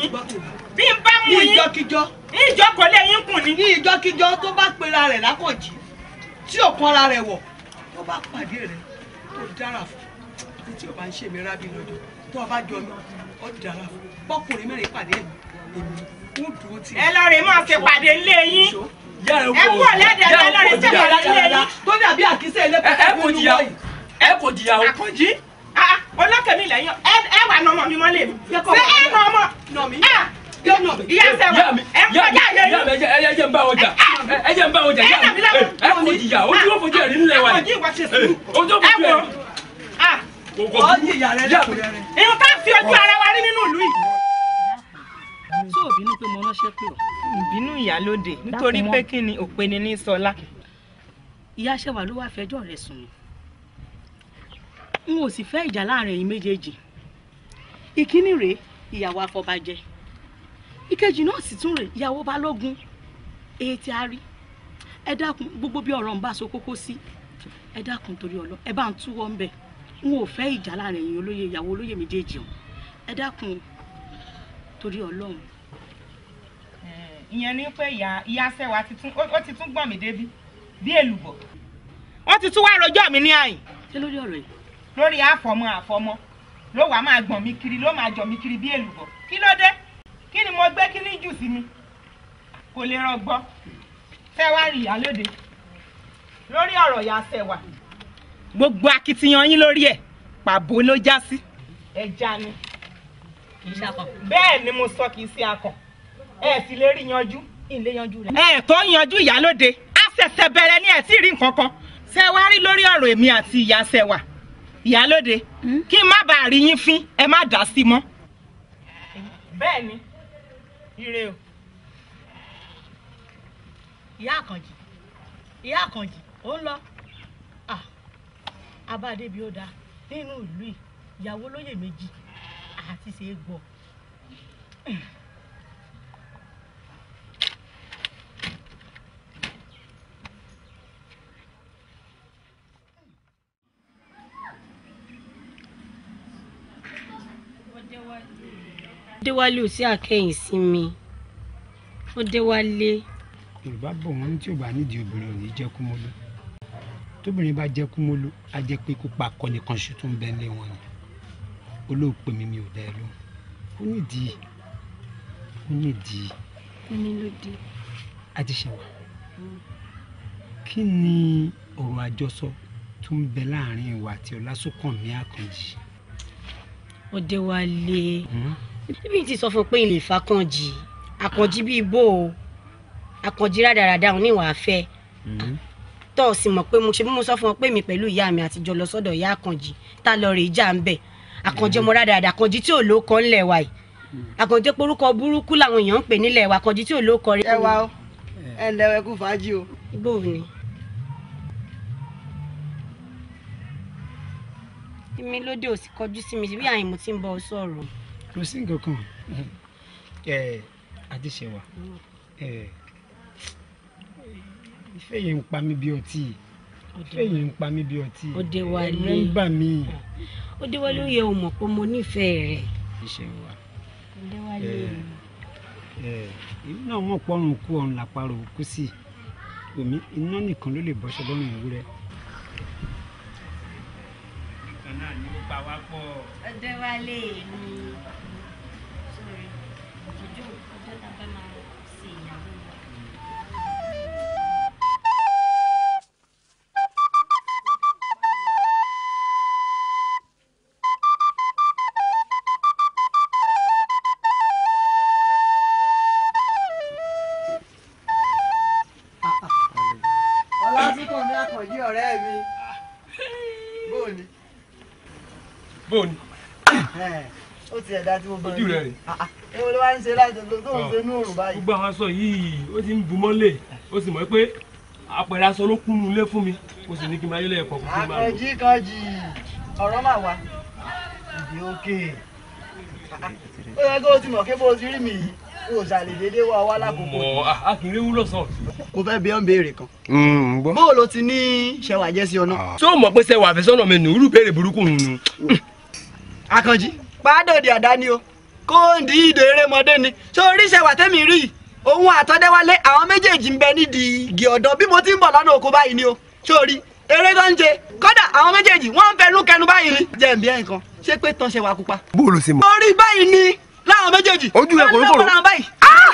bí n bá mú yín ní ìjọkíjọ ní ìjọ kò lè yín kùn ní. ní ìjọkíjọ tó bá pera rẹ̀ lákọ̀jì tí ò kan ara rẹ̀ wọ̀ tó bá pàdé rẹ̀ tó dára fún ní tí o bá ń ṣe mi rábí lọ́dọ̀ tó o bá jọ mi ó dára fún bọ́kùnrin mẹ́rin pàdé mi èmi ó dúró tì. ẹ lọ rè máa fi pàdé ilé yín ẹ kú ọ̀lẹ́dẹ̀ ẹ lọ rè sẹ́pàdé ilé yín. tó dàbí àkísẹ́ ilé pẹ́ẹ́pẹ́ kò jìyà ẹ kò jìyà o. àkànjí ọlọ́kẹ́ ah, ah, mi lẹ́yìn ẹ wà nọmọ mi mọ́lẹ̀ mi ṣé ẹ nọmọ ìyá sẹ́wọ̀n ẹ̀ ń kọjá yẹn ni. ẹ jẹ́ ń bá wọn jà ẹ jẹ́ ń bá wọn jà yá ẹ kò jìyà ojú ó fojú ẹ̀rí nílẹ̀ wa ni ojú ó fojú ẹ̀rí. ìwọ ká fi ojú ara wa rí nínú ìlú yìí. tó o bínú pé mo ránṣẹ́ pé o. ìbínú ìyálóde nítorí pé kí ni òpè ni ní sọlá. ìyá sẹ́wà ló wáá fẹjọ́ rẹ̀ sùn mí n ò sì fẹ́ ìjà láàrin ẹ̀yin méjèèjì ìkíní rèé ìyàwó afọbajẹ ìkejì náà sì tún rè ìyàwó balógun èyí tí a rí ẹ dákun gbogbo bí ọ̀rọ̀ ń bá so kókó sí ẹ dákun torí ọlọ ẹ bá ń túwọ́ ń bẹ̀ n ò fẹ́ ìjà láàrin ẹ̀yin olóye ìyàwó olóye méjèèjì o ẹ dákun torí ọlọ́run. ìyẹn ni pé ìyá sẹ́wà ó ti tún gbọ̀n mí débi bí èlùbọ̀ wọ́n ti tún wá rojọ́ mi ní àyìn. ṣé lórí ọ̀rọ̀ yìí. lórí àfọmọ àfọmọ ló wàá máa gbọ̀n mi kiri ló máa jọ mi kiri bí èlùbọ̀ kí ló dé kí ni mo gbé kíní jù sí mi kò lè rọgbọ fẹ́ wá rí ìyálóde lórí ọ̀rọ̀ ìyá sẹ̀wà. gbogbo akitiyan yín lórí ẹ̀ pàbó ló já sí. ẹja ni bẹ́ẹ̀ ni mo sọ kì í ṣe akàn ẹ sì lè rí yanjú ilé yanjú rẹ̀. ẹ tó yanjú ìyálóde á ṣẹ̀ṣẹ̀ bẹ̀rẹ̀ ní ẹ̀ tí ì rí nǹkan kan ṣe wá rí lórí ọ̀rọ̀ èmi àti ìyá sẹ̀wà ìyálóde hmm? kí n má bàa rí yín fín ẹ má dà sí mọ́. bẹ́ẹ̀ ni ire o ìyá àkànjì ìyá àkànjì ó ń lọ abádébí ó dáa nínú ìlú ìyàwó lóyè méjì àti ṣe é gbọ́. déwálé ò sí àkẹ́yìn sí mi ó déwálé. yorùbá bọ̀ wọ́n ní tí ò bá nídìí obìnrin ò ní jẹ́ kú mọ́lú tóbìnrin bá jẹ́ kú mọ́lú á jẹ́ pé kó pa akọni kan ṣu tó ń bẹ́ lé wọn ni olóòpè mi mi ò dá ẹ lóhùn ó nídìí ó nídìí. ó ní ló dé. a ti ṣe wà hmm. kí ni ọ̀rọ̀ àjọsọ tó ń bẹ láàrin ìwà àti ọlásùnkànmí àkànjì. ó dé wá lé. Mm-hmm bíbí ti sọ fún pé ilé ìfakànjì àkànjì bíi bò ó àkànjì rádaràda òun níwàá fẹ́ mm-hmm. tọ́ ọ sì mọ̀ pé mo ṣe bí mo sọ fún ọ pé mi pẹ̀lú ìyá mi àtijọ́ lọ sọ́dọ̀ ìyá àkànjì tá a lọ rè já ń bẹ̀ àkànjì ọmọ rádaràda àkànjì tí ò ló kọ́ ńlẹ̀ wa yìí mm-hmm. àkànjì porúkọ burúkú làwọn èèyàn ń pè nílẹ̀ wa àkànjì tí ò ló kọ́ rí. Eh. ẹ wá o ẹ lẹ́wọ̀ ẹ kú fàájì o. igbó ni. èmi lóde ò sì kọjú sí mi bí àyìnbó ti ń bọ sọ̀rọ̀ kò sí nǹkan kan adéṣẹwà ìfẹ́ yẹn ń pa mí bí ọtí ìfẹ́ yẹn ń pa mí bí ọtí ẹ̀rù ń bà mí. Odéwálé ó yẹ o mọ̀ pé mo nífẹ̀ẹ́ rẹ̀. adéṣẹwà Odéwálé èmi náà mọ̀ pọ́run kú ọ̀run làparò kú sí omi iná nìkan ló lè bọ́ṣọ lọ́rùn ìwúrẹ́. nìkan náà ni mi. ti ẹ̀dá tí mo bọ̀ ojú rẹ rè èwo ah, ah. ló wá ń ṣe láti tó ń ah. ṣe ní òrùn báyìí. gbogbo àwọn aṣọ yìí ó ti ń bu mọ́lẹ̀ ó sì mọ̀ pé àpẹẹrẹ aṣọ ló kún un lé fún mi mo sì ní kí n máa yọ lẹ́ẹ̀kọ́ kó kí n máa lọ. àkànjì kanjì ọ̀rọ̀ mà wá ìdí òkè ó yẹ kó o ti mọ̀ kí bó o ti rí mi yìí o ṣàlè dédé wá wá lákòókò. akèrè wúlò sàn. mo fẹ́ bí ọ́n béèrè kan. Mm, bó o lo ti ní ṣẹwà jẹ́ sí ọ náà. ṣé o mọ̀ pé ṣẹwà àfẹ́sọ́nà mi nù úrú béèrè burúkú nù. àkànjì pàádọ̀dì àdáni o kóńdì ìdò erémọdé ni ṣé oríṣẹ́ wà tẹ́mi rí yìí òun àtọ́dẹ́wálé àwọn méjèèjì ń bẹ nídìí igi ọ̀dọ́ bí mo ti ń bọ̀ lọ́nà oko báyìí ni o sórí eré tó ń ṣe kódà àwọn méjèèjì wọ́n ń fẹnu kẹnu báyìí ni. jẹ́ ǹbí ẹ̀ nǹkan ṣé pé tán ṣe wà pupa. bóòlù sí mi. orí báyìí ni láwọn méjèèjì. ojú rẹ kò ní kòrò.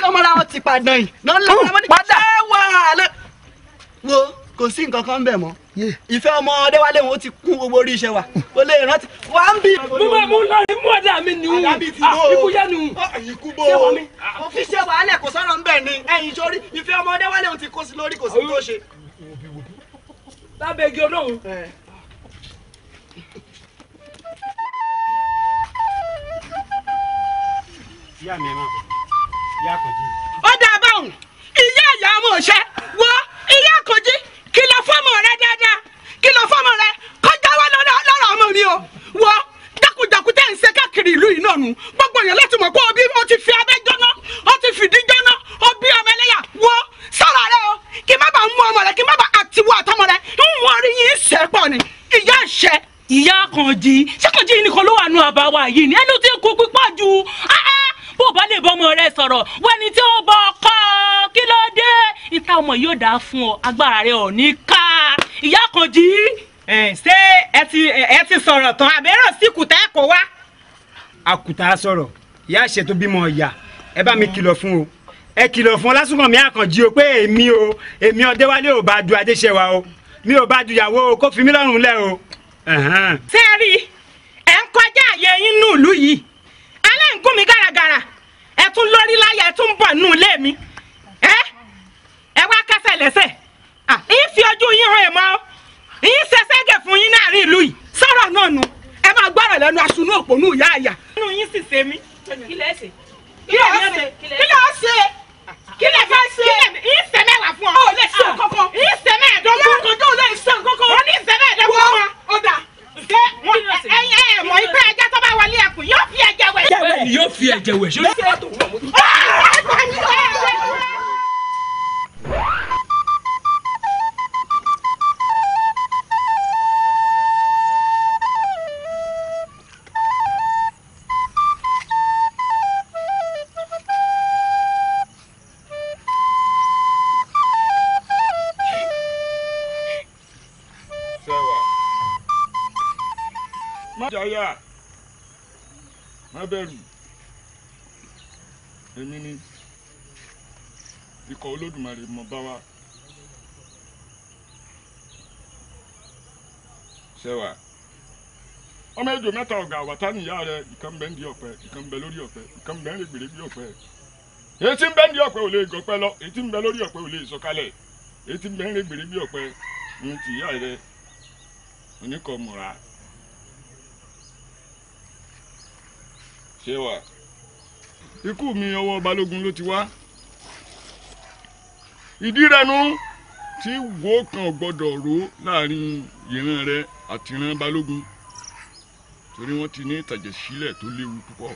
ọmọ làwọn ti pàdán yìí. lọ́nà wo kò sí ìfẹ́ ọmọ ọdẹ́wálé wọn ó ti kún gbogbo orí iṣẹ́ wa ó lè rántí wà á ń bí. mo máa mú lọrin mú ọ̀dà mi nù ah, ikú yá nù. Ah, ikú bó o mo fi ṣe wàhálẹ̀ kò sọ̀rọ̀ ń bẹ̀ ni ẹ̀yin sórí ìfẹ́ ọmọ ọdẹ́wálé wọn ti kó sí lórí kò sí tó ṣe. lábẹ́ igi olóhùn. ìyá mi ẹ máa bọ̀ ìyá àkànjì. ó dáa báwọn ìyá ìyá ọmọ òṣè wọ ìyá àkànjì kìlọ̀ fọ́mọ rẹ dáadáa dáadáa fún ọ agbára rẹ ò ní ká ìyá kan jí. ṣé ẹ ti ẹ ti sọ̀rọ̀ tán àbẹ́rọ̀ sí kùtà ẹ̀kọ́ wá. àkùtà sọ̀rọ̀ ìyá àṣetò bímọ ìyá ẹ bá mi kìlọ̀ fún o ẹ kìlọ̀ fún ọlásùnkànmí àkànjí o pé èmi o èmi ọdẹwálé ò bá du adéṣẹwà o mi ò bá du ìyàwó o kó fi mí lọ́rùn lẹ́ o. ṣé ẹ rí ẹ ń kọjá àyè yín nù ìlú yìí aláǹkú mi gàràgàrà ẹ tún lórí láyà ẹ tún bọ̀ nù ilé mi ẹ wá kẹsẹ̀ lẹ́sẹ̀ yín fi ojú yín hàn ẹ̀ mọ́ yín ṣe ṣẹ́gẹ̀ fún yín láàrin ìlú yìí sọ̀rọ̀ náà nu ẹ máa gbọ́rọ̀ lẹ́nu aṣunú òpònú ìyá àyà. inú yín sì ṣe mí. kí lẹ ṣe kí lẹ ṣe kí lẹ fẹ́ ṣe yín ṣe mẹ́wàá fún ọ. ó lè ṣe kókó yín ṣe mẹ́ẹ̀ẹ́dọ́gbọ̀n. kókó lè ṣe kókó. wọ́n ní ṣe mẹ́ẹ̀ẹ́dọ́gbọ̀n wọn. ó dà ẹ̀yin ẹ mọ̀ ipe ẹja tó bá wọlé ẹkùn yóò fi ẹ̀jẹ̀ wẹ̀. yóò fi ẹ̀jẹ̀ wẹ̀. Jaya, má bẹ̀rù, èmi ni. ikọ̀ olódùmarè mọ̀ bá wa. ṣẹwà ọmọ ejò mẹ́ta ọ̀gá àwàtá nìyá rẹ ìkan bẹ ń di ọ̀pẹ ìkan bẹ lórí ọ̀pẹ ìkan bẹ ń rìn gbèrègbè ọ̀pẹ ètí ń bẹ ń di ọ̀pẹ ò lè gọpẹ lọ ètí ń bẹ lórí ọ̀pẹ ò lè sọ̀kalẹ̀ ètí ń bẹ ń rìn gbèrègbè ọ̀pẹ ń tìyá rẹ oníkọ mọra ṣẹwà ikú mi ọwọ balógun ló ti wá. ìdí rẹ nu tí wo kan gbọ́dọ̀ ró láàrin ìran rẹ àti ìran balógun torí wọ́n ti ní ìtàjẹ̀sílẹ̀ tó léwu púpọ̀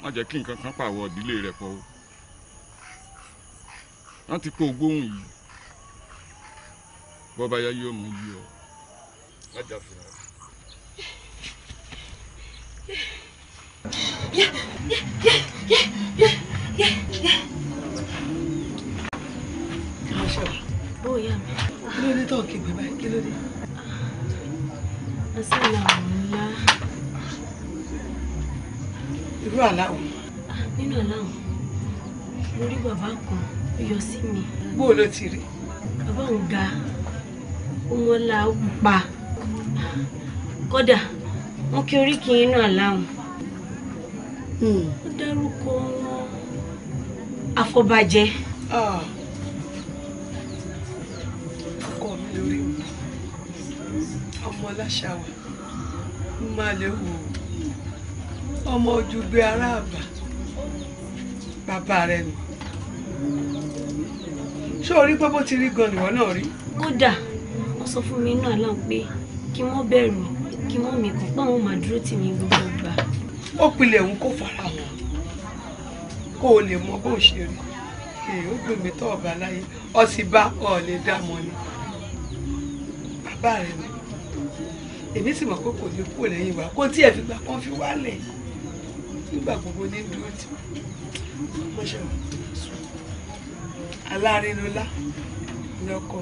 má jẹ́ kí nǹkan kan pàwọ́ ìdílé rẹ̀ pọ̀ o wọ́n ti kó gbóhùn yìí bọ́ba yá yóò mú yí ọ lájà fúnra. Yeah, yeah, yeah, yeah, yeah, yeah, yeah ṣọlá. bó o yà mí. kí ló dé tó ń kígbe báyìí kí ló dé. àṣàlà ńlá. irú àláwọ. Ah, nínú àláwọ mo rí bàbá kan ó yọ sí mi. bó o ló ti rí. bàbá òun ga ọmọ là ó pa kódà wọn kí oríkì inú àláwọn hmm. ó dárúkọ wọn afọbajẹ. Ah. láṣà wà ń má lè wò ó ọmọ ojú gbé aráàbà bàbá rẹ nù ṣé pé bó ti rí gan nìwọ náà rí. kódà wọ́n sọ fún mi inú àlá pé kí wọ́n bẹ̀rù kí wọ́n mi kàn pé àwọn máa dúró tì mí gbogbo ìgbà. ó pilẹ̀ òun kó fara wọn kó o lè mọ bó ṣe rí èyí ó gbèmí tó ọba láyé ọsibá ọ̀ lè dá mọ́ ni bàbá rẹ nù èmi sì mọ̀ pé kò ní kúrò lẹ́yìn wa kó tiẹ̀ fìgbà kan fi wálẹ̀ nígbà gbogbo ní dúró tí wọ́n ṣe wọ́n alárinulá lọ́kọ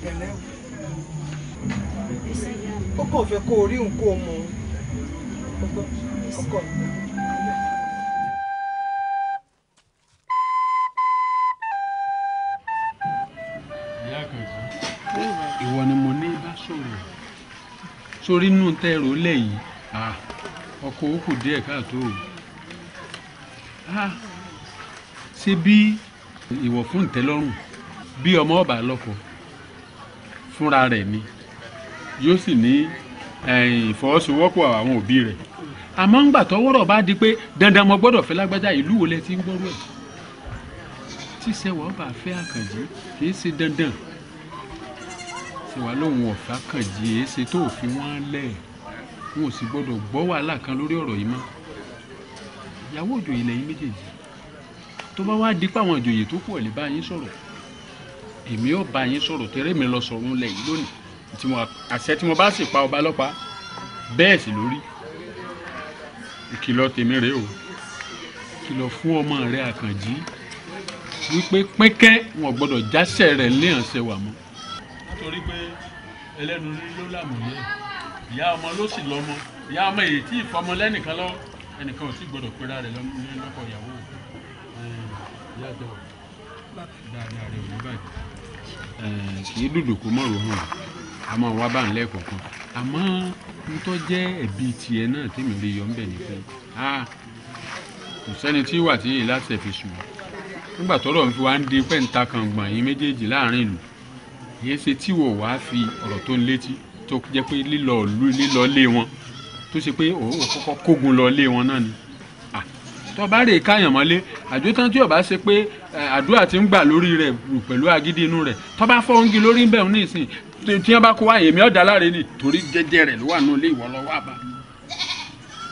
pẹ̀lẹ́ o. ó kàn fẹ́ kó orí òun kó o mọ̀ ọkọ sórí nù tẹ́ rò lẹ̀ yìí ọkọ̀ òkú díẹ̀ káàtó o ṣe bí ìwọ̀ fún ìtẹ́lọ́rùn bí ọmọ ọba lọ́kọ fúnra rẹ̀ ni yóò sì ní ìfọwọ́sowọ́pọ̀ àwọn òbí rẹ̀ àmọ́ ńgbà tọwọ́rọ̀ bá di pé dandan mo gbọ́dọ̀ fẹ́ lágbájá ìlú wo lẹ ti ń gbọ́rú ẹ̀ tí sẹ́wọ̀n bá fẹ́ àkànjí kì í ṣe dandan ṣe wá lóun ọ̀fà kàn jí èéṣe tó fi wọ́n lẹ̀ wọn ò sì gbọ́dọ̀ gbọ́ wàhálà kan lórí ọ̀rọ̀ yìí mọ́ ìyàwó òjòyè lẹ́yìn méjèèjì tó bá wá dípò àwọn òjòyè tó kù ọ̀lẹ́ bá yín sọ̀rọ̀ èmi ò bá yín sọ̀rọ̀ tẹ́rẹ́ mi lọ sọ̀rọ̀ ńlẹ̀ yìí lónìí àṣẹ tí mo bá sì pa ọba lọ́pàá bẹ́ẹ̀ sì lórí ìkìlọ̀ tèmi rèé o kìlọ̀ fún ọmọ rẹ àkànjí wípé pẹ́kẹ́ wọn gbọ́dọ̀ jásẹ̀ rẹ̀ léèyàn wà mọ́ torí pé ẹlẹ́nu rí ló làmúyẹ ìyá ọmọ ló sì lọ́mọ ìyá ọmọ èyí tí ìfọmọ lẹ́nìkan lọ ẹnìkan ò sì gbọdọ̀ pera rẹ̀ lọ́kọ ìyàwó ìyá àtẹwọ̀ dáadáa rẹ̀ ò ní báyìí. kì í dùdù kó mọ̀rọ̀ hàn a máa wá bá ń lẹ́ẹ̀kọ̀ọ̀kan àmọ́ ntọ́ jẹ́ ẹ̀bí tiẹ̀ náà tèmi rí yọ ńbẹ̀ ní pé kò sẹ́ni tí wà tí èyí láti ẹ̀ fi sùn nígbà tọ́rọ̀ ń fi wá ń di pẹ́ǹta kan gbọ̀n yín méjèèjì láàrin ìlú yìí ṣe tí wò wá fi ọ̀rọ̀ tó ń létí tó jẹ́ pé lílọ lílọ lé wọn tó ṣe pé òun kọ́kọ́ kógun lọ lé wọn náà ni tó bá rè káyàn mọ́lé àjò tí ò bá ṣe pé àdúrà ti ń gbà lórí rẹ̀ pẹ̀lú agídí inú rẹ̀ tó bá fọ́ ń lórí ń bẹ̀ ń nísìn tí wọ́n bá kó wáyé mi ọ̀dà láre ni torí jẹ́jẹ́ rẹ̀ ló wà nù ilé ìwọ lọ́wọ́ àbá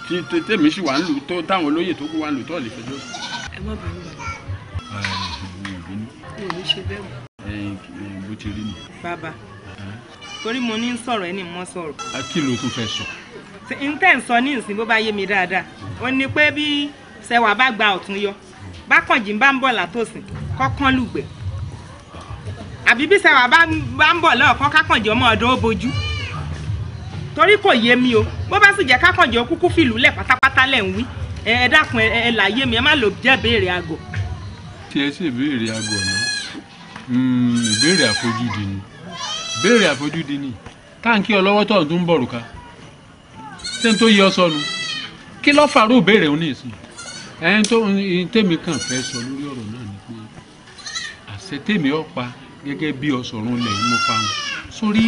tí tèmi sì wà ń lù tó táwọn olóyè tó kú wà ń lù tó lè fẹjọ́. ẹ má bínú bàbá mi ò ní ṣe bẹ́ẹ̀ mọ́ bó ti rí mi. bàbá torí mo ní sọ̀rọ̀ ẹni mọ́ sọ̀rọ̀. a kí ló tún fẹ́ sọ. n tẹ́ ń sọ ní ìsìn bó bá yé mi dáadáa ó ní pé bí sẹwà bá gba ọ̀tún yọ bákànjì bá ń bọ̀ látòsìn kọ́kán lùgbẹ̀ àbí bí sẹwà bá ń bọ̀ lọ́ọ̀kan kákànjì ọmọ ọ̀dọ́ ó bojú torí kò yé mi o bó bá sì jẹ́ kákànjì ó kúkú fìlú lẹ̀ pátápátá lẹ̀ ń wí ẹ dákun láyé mi ẹ má lò jẹ́ béèrè àgọ̀. tiẹ̀ sì béèrè àgọ̀ náà Hmm, ìbéèrè àfojúdi ni béèrè àfojúdi ni táǹkì ọlọ́wọ́ tó ń bọ̀rùka ṣé n tó yẹ ọ sọnù kí lọ́ọ́ fàárò béèrè òun ní ìsìn ẹni tó ń tèmi kàn fẹ́ sọ lórí ọ̀rọ̀ náà ni pé àṣẹ tèmi ọ̀pa gẹ́gẹ́ bí ọ̀sọ̀run lẹ̀ mo pa wọn sórí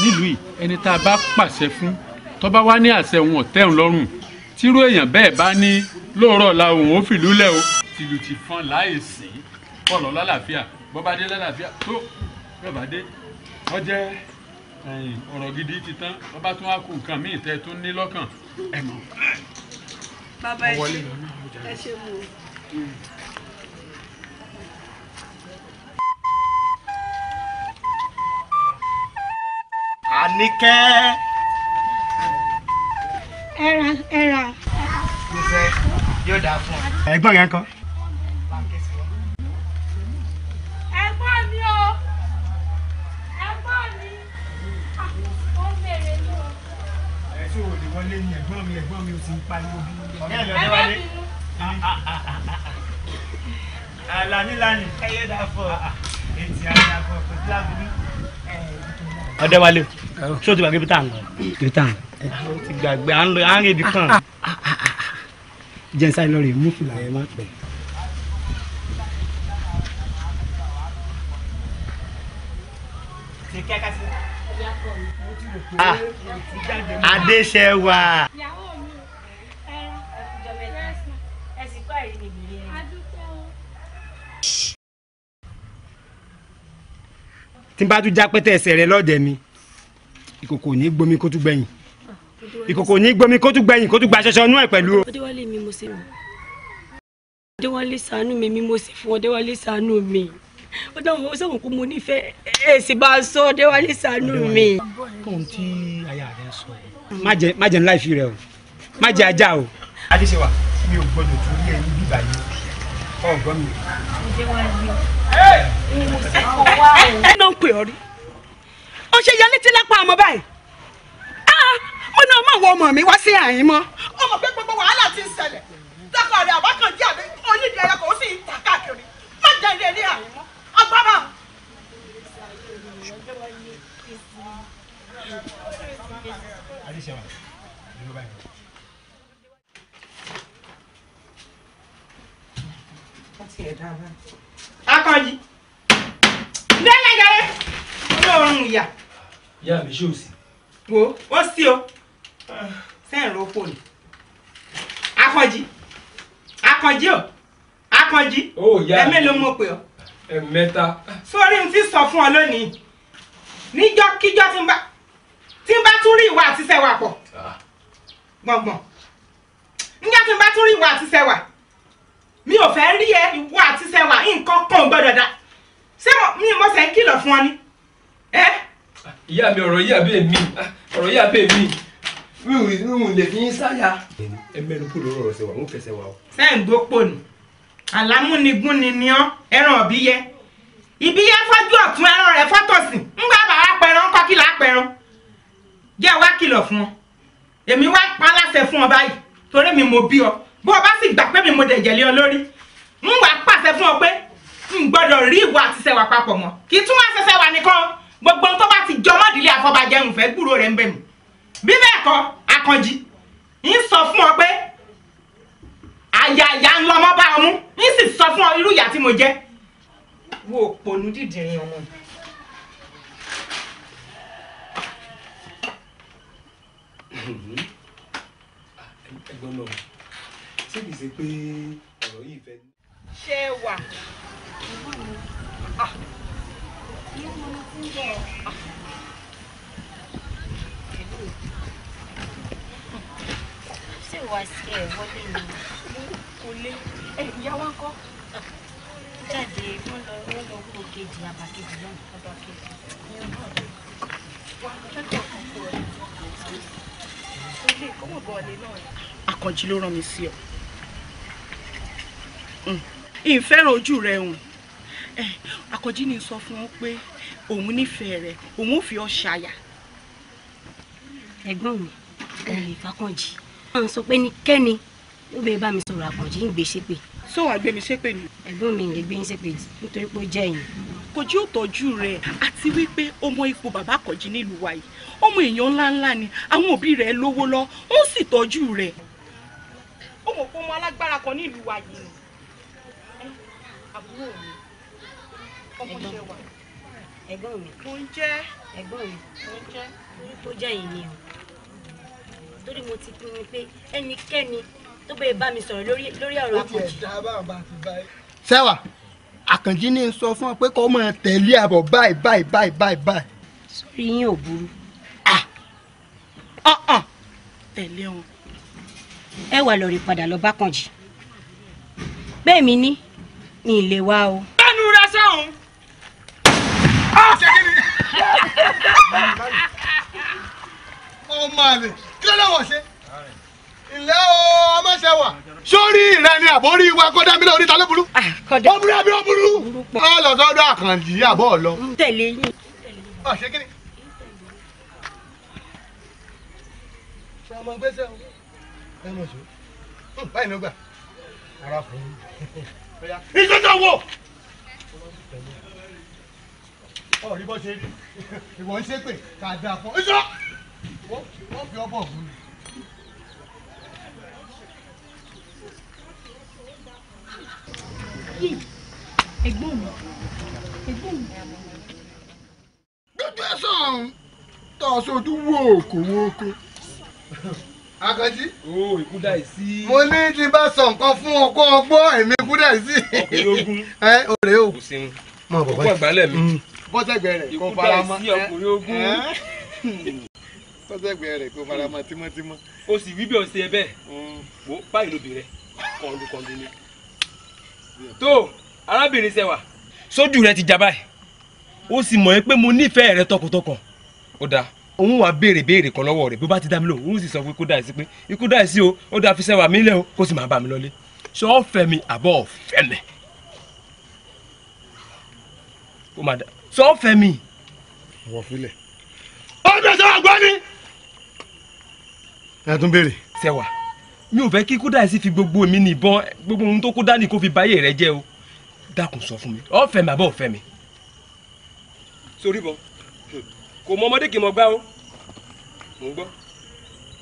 nílùú yìí ẹni tá a bá pàṣẹ fún tó bá wá ní àṣẹ wọn ọ̀tẹ́hùn lọ́rùn tírú èèyàn bẹ́ẹ̀ bá ní lóòrọ̀ la òun ó fìlú lẹ̀ o tìlù ti fọn láì sí kọ́ lọ lálàáfíà bọ́ba dé lálàáfíà tó bẹ́ẹ̀ dé wọ́n jẹ́ ọ̀rọ̀ gidi ti tán bọ́ba tún wá kú nǹkan míì tẹ́ tún ní lọ́kàn ẹ̀ mọ̀. bàbá ẹ ṣe ẹ ṣe mú o. Àníkẹ́. ẹran ẹran. ṣe yóò dáa yẹn kọ́. wọlé ni ẹ̀gbọ́n mi ẹ̀gbọ́n mi ò sì ń pariwo bí. ọ̀rẹ́ ẹ̀ lọ́dẹ wálé. Àlànílànì ẹyẹ dàfọ̀ etí àdàfọ̀ kò sí àbúrú. ọ̀dẹ wálé ṣé o ti gbàgbé bíta àná. bíta àná. o ti gbàgbé à ń rèébi kàn. jẹ́nsá lọ rè mú fìlà yẹn má pẹ́. ṣe kí a ká sí. Ah, adéṣẹ́wà. ìyàwó mi tí n bá tún já pẹ́tẹ́ ẹsẹ̀ rẹ lọ́dẹ̀ mi ìkòkò ní gbomi kó tún gbẹ̀yìn ìkòkò ní gbomi kó tún gbẹ̀yìn kó tún gba aṣọṣọ inú ẹ̀ pẹ̀lú. ọdẹwálé mi mo ṣe mọ ọdẹwálé ṣàánú mi mi mo ṣe fún ọdẹwálé ṣàánú mi ó dáhùn ó sọ̀rọ̀ kó mo nífẹ̀ẹ́ ẹ̀ sì bá a sọ déwálé ṣàánú mi. tóun tí aya rẹ sọ. má jẹ má jẹ ńlá ìfi rẹ o má jẹ ajá o. adéṣèwà mi ò gbọdọ̀ tún rí ẹni bíbá yìí ọgbọ́n mi. ẹ náà ń pè ọ rí ó ṣe yẹ létí lápá ọmọ báyìí ah, mo náà mọ̀ wọ ọmọ mi wá sí àyín mọ́. ọmọ pé gbogbo wàhálà ti ń ṣẹlẹ̀ tọkọ rẹ̀ àbákan àbí onídìí ẹ̀rọ kò sì ń má jẹ́ ilé ní àyín mọ́ agbára. akọ̀yí délé gẹ́rẹ́ olóorun ìyá. ìyá mi ṣé o sí. wo ó sí o sẹ́yìn ló pò ní. akọ̀jí akọ̀jí o akọ̀jí ẹ̀mí ló mọ̀ pé o. Oh, ẹ̀mẹ́ta. sórí n ti sọ fún ọ lónìí níjọ́kíjọ́ tí n bá tí n bá tún rí ìwà àti sẹ́wà pọ̀ ah. gbọ̀ngbọ̀n níjọ́ tí n bá tún rí ìwà àti sẹ́wà mi ò fẹ́ rí ẹ ìwà àti sẹ́wà nǹkan kan gbọ́dọ̀ dá ṣé mi ò mọ̀ sẹ́ ń kìlọ̀ fún ọ ni. ìyá mi ọ̀rọ̀ yíyà bẹ́ẹ̀ ah, mi ọ̀rọ̀ yíyà bẹ́ẹ̀ mi mi ò lè fi yín sáyà. ẹ mẹ́nu kúrò lọ́rọ̀ sẹ́wà ń fẹsẹ̀ wà o. sẹ́ǹdó pò ní àlámúnigún ni ni ọ́ ẹran ọ̀bí yẹ ibi yẹ fọ́jú ọ̀tún ẹran rẹ̀ fọ́tòsì ńgbà bàbá pẹran kọ́ kí là á pẹran jẹ́ wá kìlọ̀ fún ọ èmi wá pa aláṣẹ fún ọ báyìí torí mi mo bí ọ bó o bá sì gbà pé mi mo dẹ̀jẹ̀ lé ọ lórí ń wá pàṣẹ fún ọ pé n gbọ́dọ̀ rí ìwọ àti sẹ́wà papọ̀ mọ́ kì í tún wá sẹ́sẹ́ wa nìkan gbogbo ohun tó bá ti jọmọ́ ìdílé àfọbàjẹ́ ń fẹ́ gbúrò rẹ̀ ń bẹ̀ mí bí bẹ́ẹ̀ kọ́ akànjí ń sọ fún ọ pé àyàyà ń lọ mọ́ bá ọmú ń sì sọ fún ọ irú ìyà tí mo jẹ wo òpònú dídìrín ọmọ yìí. ẹ̀gbọ́n náà ṣé kìí ṣe pé ọ̀rọ̀ yìí fẹ́. ṣé wà ah. ṣé wà sí ẹ wọlé ni kò lé ẹ ìyá wa kọ́. jáde wọn lọ wọn lọ kó kejì àbá kejì náà ọba kejì. Àkànjí ló rán mi sí ọ hmm. ìfẹ́ràn ojú rẹ hùn Àkànjí ni sọ fún ọ pé òun nífẹ̀ẹ́ rẹ òun ò fi ọ ṣàyà. ẹ̀gbọ́n mi ìfàkànjì wọ́n sọ pé ní kẹ́ni ló bẹ bá mi sọ̀rọ̀ àpọ̀jù ń gbé ṣépè. sọ wàá gbé mi ṣépè ni. ẹ̀gbọ́n mi lè gbé ń ṣépè nítorí pé ó jẹ́ ẹ̀yìn. kò jí ò rẹ̀ àti wípé ọmọ ipò bàbá àkọ́jí nílùú wa yìí ọmọ èèyàn ńláńlá ni àwọn òbí rẹ̀ lówó lọ ó sì tọ́jú rẹ̀. ó mọ̀ pé ọmọ alágbára kan nílùú wa yìí àbúrò mi ọmọ ṣe wà. ẹ̀gbọ́n mi. mo ń jẹ́. ẹ̀gbọ́n mi. mo ń jẹ́. torí mo ti pinnu pé ẹnikẹ́ni tó bẹ bá mi sọ̀rọ̀ lórí lórí ọ̀rọ̀ àkànjì. sẹ́wà àkànjì ní sọ fún ọ pé kó máa tẹ̀lé àbọ̀ báyìí báyìí báyìí báyìí báyìí. sórí yín ò burú. tẹ̀lé wọn. ẹ wà lórí padà lọ bákànjì bẹ́ẹ̀ mi ní ní ilé wa o. bẹ́ẹ̀ni rẹ sẹ́hùn. ọmọ àlè kí ló lọ́wọ́ ṣe ilé o ọmọṣẹwà sórí rẹ ni àbórí wa kọdá mi lọ orí ta ló burú. Ah, ó burú àbí ó burú. ó lọ sọ́dọ̀ àkànjì àbọ̀ lọ. tẹ̀lé yín. ọ̀ ṣé kí ni. ṣé ọmọ gbèsè o ẹ mọ̀ ṣó báyìí ló gbà ara fún mi. ìjọba wo. ọ̀rí bó ṣe rí ìwọ ń ṣépè ká dáa fún. ìṣọ́ wọ́n fi ọbọ̀ ògùn ẹ̀gbọ́n mi ẹ̀gbọ́n mi. gbogbo ẹ̀sán tá a sojú wo òkò wo oko. Akànjí. Oo ìkúdà ìsí. Mo ní tí bá sọ nǹkan fún ọkọ ọgbọ́ èmi kúdà ìsí. Ọkùnrin ogun. Ẹ òrè o. Kùsìn. Mọ bọ̀ báyìí. Ọkọ̀ ìgbálẹ̀ mi. Mm. Bọ́sẹ̀gbẹ̀ rẹ̀ kò fara mọ́. Ìkúdà ìsí ọkùnrin ogun. Bọ́sẹ̀gbẹ̀ rẹ̀ kò fara mọ́ tímọ́tímọ́. O sì wí bí ọ̀sẹ̀ bẹ́ẹ̀. Mm. Wo báyìí ló bèrè. Kọ̀ọ̀lù kọ̀ọ̀lù ni tó arábìnrin sẹwà. sójú rẹ ti já báyìí ó sì mọ̀ ẹ́ pé mo nífẹ̀ẹ́ rẹ tọkàntọkàn ó dáa òun wàá béèrè béèrè kan lọ́wọ́ rẹ̀ bí ó bá ti dá mi lò òun sì sọ pé kó dà sí pé ikú dà sí o ó dáa fi sẹ́wà mí lẹ́ o kó sì máa bá mi lọ́lé ṣé ó fẹ́ mi àbọ̀ ó fẹ́ mi ó máa dà ṣé ó fẹ́ mi. wọ filẹ. ó bẹ sọ àgbọn ni. ẹ tún béèrè. sẹ́wà mi ò fẹ́ kí kúdà sí fi gbogbo mi nìbọn gbogbo ohun tó kó dání kó fi báyé rẹ jẹ́ o dákun sọ fún mi ọ fẹ́ mi àbọ̀ fẹ́ mi. sórí bọ kò mọ ọmọdé kì í mọ gbá o mò ń gbọ́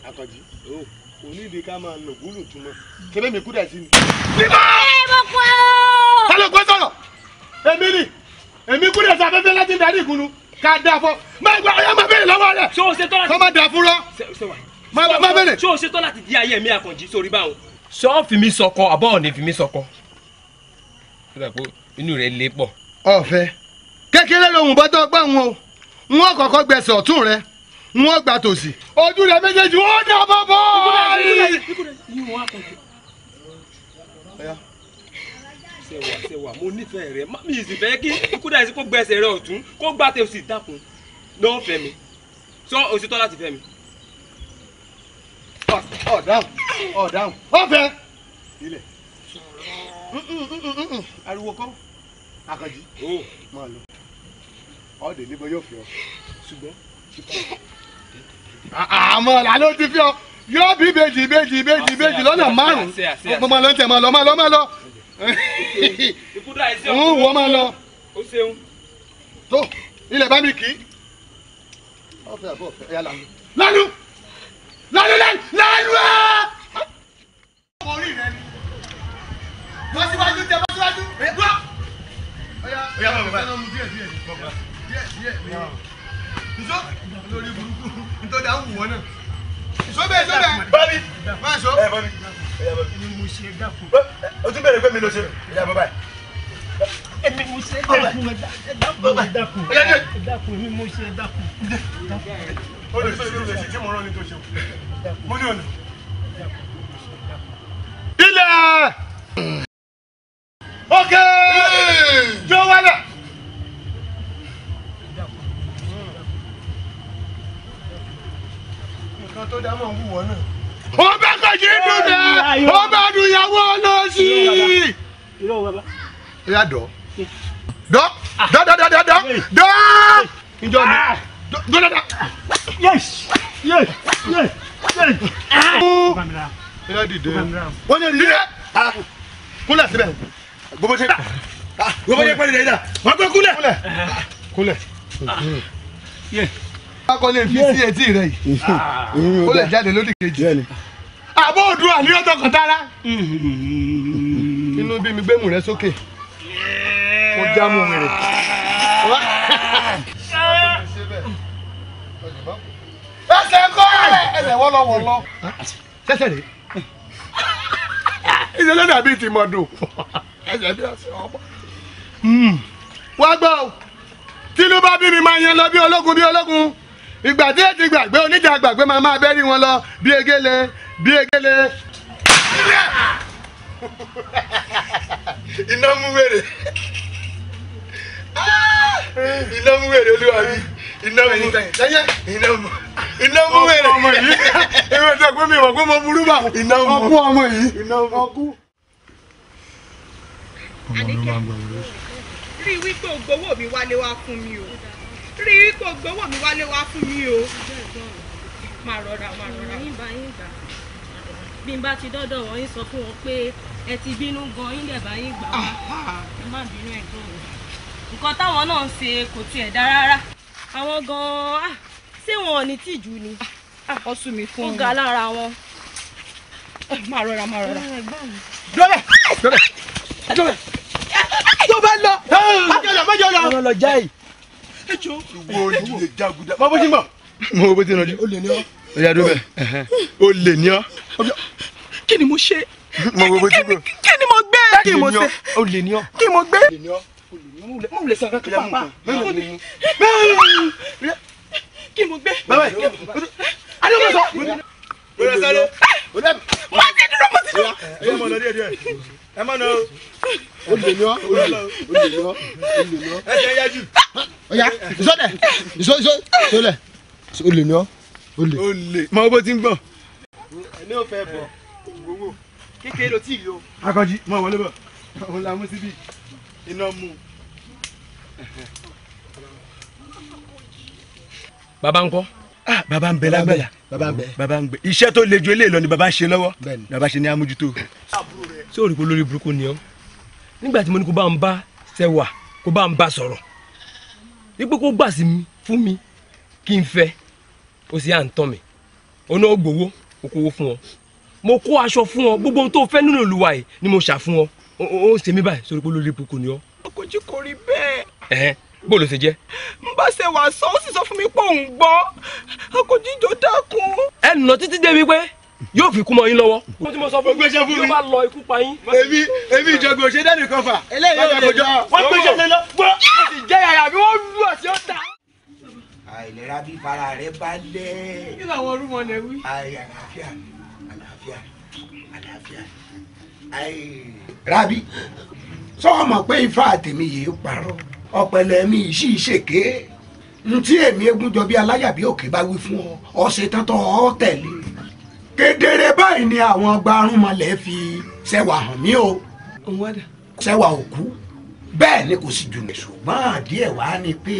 akànjí onídìí ká máa nà gúlù túmọ̀ kẹlẹ́ mi kúdà sí ni. bíbá ẹ mọ̀ o. ta ló gbé sọ̀rọ̀ èmi ni èmi kúdà sí afẹ́fẹ́ láti darí ìkùnú ká dáa fọ máa gbọ́ ọ̀yá máa bẹ̀rẹ̀ lọ́wọ́ rẹ̀. sọ ma dà fún rọ má bẹ̀rẹ̀. ṣé o ṣe tán láti di ayé mi àkànjì sórí báwọn. sọ fi mi sọkọ àbọ̀ ò ní fi mi o inú rẹ̀ le pọ̀. ọ̀fẹ́ kékeré lohun bọ́ tó gbọ́ wọn o wọn kọ́kọ́ gbẹ̀sẹ̀ ọ̀tún rẹ wọn gbà tòsí. ojú rẹ méjèèjì ó dà bọ́bọ́ sẹwà sẹwà mo nífẹ̀ẹ́ rẹ mi ì sì fẹ́ kí kúdà sí kó gbẹ̀sẹ̀ rẹ ọ̀tún kó gbà tòsí dákun lọ́ọ́ fẹ́ mi sọ òṣìṣẹ́ tó láti fẹ́ mi ọ̀dáhùn ọ̀dáhùn ọ̀fẹ́ ilẹ̀ ariwo kọ́ àkànjì ó máa lọ ọ̀dẹ̀ níbo yóò fi ọ ṣùgbọ́n àmọ́ làló ti fi ọ yóò bí ìbejì ìbejì ìbejì ìbejì lọ́nà márùn-ún mo máa lọ tẹ̀ máa lọ máa lọ máa lọ ń wọ́ máa lọ tó ilẹ̀ bá mi kì í ọ̀fẹ́ àbọ̀ ọ̀fẹ́ ẹ̀yà lànà lánàá lọ́dún lẹ́nu lẹ́nu ẹ̀. ọmọ orí rẹ ni lọ síwájú tẹ bá síwájú wá. ọyá bàbá bàbá ọmọ díẹ̀ díẹ̀ díẹ̀ díẹ̀ díẹ̀ nso lórí burúkú nítorí àwọn wò náà nso bẹ́ẹ̀ nso bẹ́ẹ̀. bábí máa sọ. ẹ bábí ọyá bàbá mi mo ṣe dàpọ̀. o tún bẹ̀rẹ̀ pé mi ló ṣe ọyá bàbá yìí èmi mo ṣe dákun ẹ dákun ẹ dákun ẹ dákun èmi mo ṣe dákun ó lè sọ ìlú ìrẹsì tí mo rán ní tó ṣe mo ní ọ̀nà. ilẹ̀ òkè jó wálẹ̀. nǹkan tó dá mọ̀ ń wúwọ́ náà. ó bá kọjú dùn dẹ́ ó bá dùn ìyàwó lọ́sí. ó yà dọ̀ dọ̀ dọ̀ dọ̀ dọ̀ dọ̀ dọ̀ dọ̀ dọ̀ dọ̀ dọ̀ dọ̀ yes yes yes yes. Yes. ilé dìde wọ́n ní dìde kúnlẹ̀ síbẹ̀ gbogbo ṣe gbogbo ṣe pẹ́ẹ́lí dẹ́yìdá wọ́n gbé kúnlẹ̀ kúnlẹ̀ kúnlẹ̀. akọni fi sí etí rẹ yìí kúnlẹ̀ ah. jáde lódì kejì àbọ̀ òdùn àníyàn tọkàntara mm-hmm. inú bí mi gbé mú rẹ sókè mo já mú mi rè. ẹsẹ̀ wọ́lọ́wọ́lọ́. sẹ́sẹ̀ rè ìṣe lọ́dà bíi ti mọ̀ dùn ẹsẹ̀ bí ọ̀sẹ̀ ọmọ. Hmm. wá gbọ́ o tínú bá bí mi máa yan lọ bí ológun bí ológun ìgbà tí ètò ìgbàgbé oníjà gbàgbé máa máa bẹ́rí wọn lọ bí egéle bí egéle. iná mú wèrè ah! iná mú wèrè olúwa mi iná mi tẹ́yẹ́ iná mu iná mu wèrè ọmọ yìí ìwé tó gbé mi wọ̀ pé mo burú bá iná ọkú ọmọ yìí ọkú. rí wípé ògbówó mi wálé wá fún mi o rí wípé ògbówó mi wálé wá fún mi o. máa rọra máa rọra. bí n bá ti dọ́dọ̀ wọ́n yín sọ fún wọn pé ẹ ti bínú gan yín bá yín gbà wá ah, ah. má bínú ẹ̀ gan o nǹkan táwọn náà ń ṣe kò tiẹ̀ dá rárá àwọn gan-an ah, ṣé wọn ò ní tìjú ni. ó ah, ah, sú mi fún wọn. ó ga lára wọn. Eh, máa rọra máa rọra. dọ́lẹ̀ dọ́lẹ̀ dọ́lẹ̀ tó bá lọ májọ lọ májọ lọ. ọ̀rọ̀ lọ jáì. ẹ jọ ìwọ ojú lè jagunjà máa bó ti ń bọ̀. mo bó ti ń rọjò. o lè ní ọ. o yà dúró o lè ní ọ. kí ni mo ṣe. mo bó ti ń kí ni mo gbé. kí ni mo ṣe. o lè ní ọ. kí ni mo gbé mo lè san kankan pàpà kí mo gbé. bẹ́ẹ̀ bẹ́ẹ̀ adé mo sọ. mo lọ sáré. mo ti dúró mo ti dúró. ẹ mọ̀ lọ díẹ̀ díẹ̀ ẹ mọ̀ lọ. o lè lọ o lè lọ o lè lọ o lè lọ. ẹ jẹ́ yájú. ọ̀ya ìsọdẹ ìsọ ìsọ ìsọlẹ̀ o lè lọ o lè. o lè mọ bó ti ń gbọ̀n. ẹni ò fẹ́ bọ̀ gbowó kékeré ló ti yọ. akọji mọ wọlé bọ òun la mú síbí iná mú. ah bàbá ń bẹ lágbàlá ah, bàbá ń bẹ bàbá ń bẹ iṣẹ́ tó le ju eléyìí lọ ni bàbá ń ṣe lọ́wọ́ bàbá ṣe ní amójútó. sóòrì kò lórí burúkú ni ọ nígbà tí mo ní kó bá ń bá sẹwà kó bá ń bá sọ̀rọ̀ wípé kó gbà sí mi fún mi kí n fẹ́ ó sì à ń tán mi òun náà gbowó okòwò fún ọ mo kó aṣọ fún ọ gbogbo ohun tó fẹ́ nínú ìlú yìí ni mo ṣà fún ọ ó ṣe mí báyìí sórí pé olórí burúkú ni ọ. ọkọjú kò rí bẹ́ẹ̀. bó ló ṣe jẹ́. n bá ṣe wà sọ ó sì sọ fún mi pé òun gbọ́ ọkọjú ìjọ dákun. ẹ nà títí débi pé yóò fi kú mọ yín lọ́wọ́. mo ti mọ sọ fún mi yóò bá lọ ikú pa yín. èmi èmi ìjọba òṣèré dẹ́nu kan fà. eléyìí yóò lè lọ wọ́n gbéṣẹ́ lé lọ wọ́n ti jẹ́ yàrá mi wọ́n lù ọ̀sẹ̀ ó ta àìlera bí bara rẹ bá lẹ. kí làwọn orúmọ lè wí. àì àlàáfíà àlàáfíà àlàáfíà àì rábí sọ́ọ̀mọ̀ pé ifá àtẹ̀mí yìí parọ́ ọ̀pẹ̀lẹ̀ mi ìṣí ìṣèké ntí èmi egúnjọ bí aláyàbí òkè bá wí fún ọ ọ̀sẹ̀ tán tán ọ tẹ̀lé kedere báyìí ni àwọn gbarumọlẹ̀ fi ṣẹwà hàn mí o ṣẹwà òkú bẹ́ẹ̀ ni kò sì jùlọ ṣùgbọ́n àdíẹ̀ wá ni pé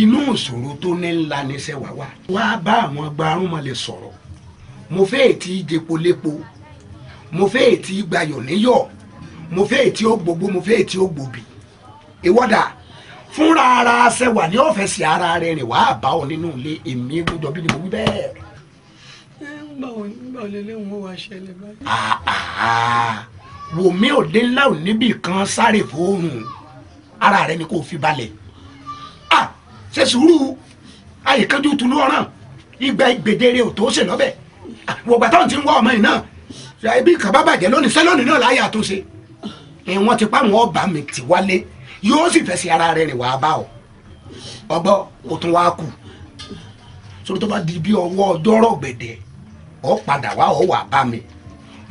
inú ìṣòro tó ní ńlá ni ṣẹwà wà wá bá àwọn gbarumọlẹ̀ sọ̀rọ̀ mo fẹ́ẹ̀ tí í jepo lépo mo fẹ́ ètí gbayọ̀ níyọ̀ mo fẹ́ ètí ó gbogbo mo fẹ́ ètí ó gbòbì ìwọ́dà fúnra ara ṣe wà ní ọ̀fẹ́sì ara rẹ̀ rẹ̀ wá bá ọ nínú ilé èmi gbọdọ̀ bí ni mo wí bẹ́ẹ̀. báwo báwo lè léwu ńlá ò níbì kan sáré fóònù ara rẹ ni kò fi balẹ̀ ṣe sùúrù àyíkájú tunu ọ̀ràn ìgbà ìgbèdere ò tó ṣe lọ́bẹ̀ wọ̀gbà táwọn ti ń wá ọmọ yìí náà ibi kan bá bàjẹ́ lónìí sẹ́lónì náà láyà tó ṣe wọ́n ti pa àwọn ọba mi ti wálé yóò sì fẹ́ sí ara rẹ̀ rìn wá bá ọ ọgbọ́ o tún wá kù sórí tó bá di bí ọwọ́ ọjọ́rọ̀ gbẹ̀dẹ̀ ọ padà wá ọ wà bá mi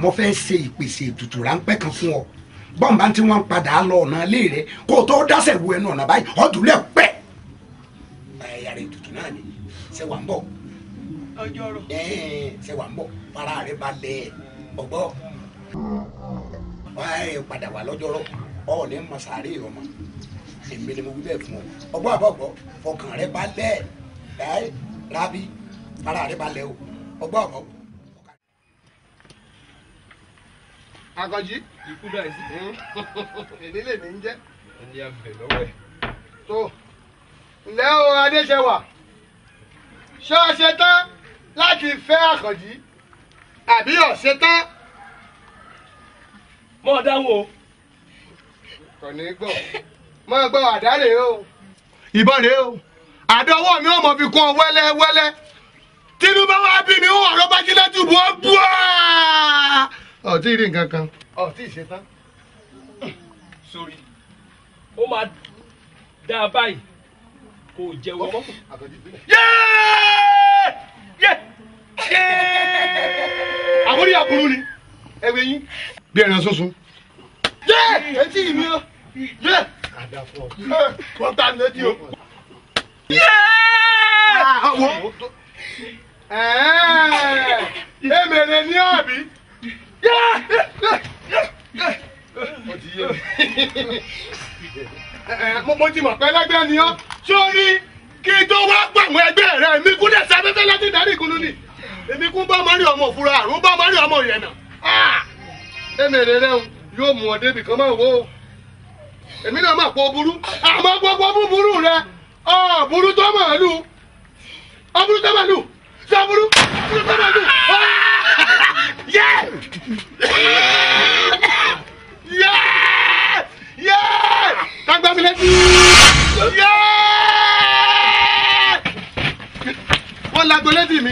mo fẹ́ ṣe ìpèsè ètùtù ráńpẹ́ kan fún ọ bọ́ǹbà tí wọ́n padà lọ ọ̀nà ilé rẹ kó o tó dáṣẹ̀ wo ẹnu ọ̀nà báyìí ọdúnlẹ̀ pẹ́ ẹ̀yà rẹ̀ ètùtù náà ni ṣé wà ń bọ̀ ọjọ́rọ̀ ṣé wà ń bọ̀ fara rẹ̀ balẹ̀ ẹ̀ ọgbọ́ wáyé padà wà lọ́jọ́rọ́ ọ̀ ní masari ọmọ èmi ni mo wí bẹ́ẹ̀ fún ọ ọgbọ́ àbọ̀gbọ́ fọkàn rẹ balẹ̀ ẹ rábí ara rẹ balẹ̀ o ọgbọ́ àbọ̀. akọjí ikú bẹ́ẹ̀ sí èdè lè ní jẹ́ ẹni abẹ lọ́wọ́ ẹ̀. tó ǹlẹ́ o adéṣẹ́wà ṣé o ṣe tán láti fẹ́ àkànjí àbí ọ̀sẹ̀ tán. mọ́ ọ dáhùn o. kò ní gbọ́ mọ́ ọ gbọ́ àdá rèé o. ìbọn rèé o àdá ọwọ́ mi ò mọ̀ fi kún ọ wẹ́lẹ́wẹ́lẹ́ tinubu wa bí mi ó ọ̀rọ̀ bá jílẹ̀ tù bọ́ búà. ọtí rí nǹkan kan. ọtí ìṣetán. sori ó máa dá báyìí kò jẹun ọmọ. yéé yéé yéé àkórí àbúrú ni ẹgbẹ yín. bí ẹran sunsun. jẹ́ etí mi o jẹ́ wọ́n ní etí o. èmèrè ní àbí. mo ti mọ̀ pé ẹlẹ́gbẹ́ ni ọ́ sórí kí n tó wá gbàgbọ́ ẹgbẹ́ rẹ̀ mi kúndẹ̀ sábẹ́fẹ́ láti darí ìkúlù ni èmi kún bá mari ọmọ òfurá àrùn bá mari ọmọ ìyẹnà ẹmẹrẹ rẹun yóò mú ọ débi kan máa wò èmi náà máa pọ burú àmọ́ ah, gbogbo búburú rẹ ọ ah, burú tó máa lù ọ ah, burú tó máa lù sọ burú burú tó máa lù ọ yẹ yẹ yẹ kagbá mi létí yẹ wọn lago létí mi.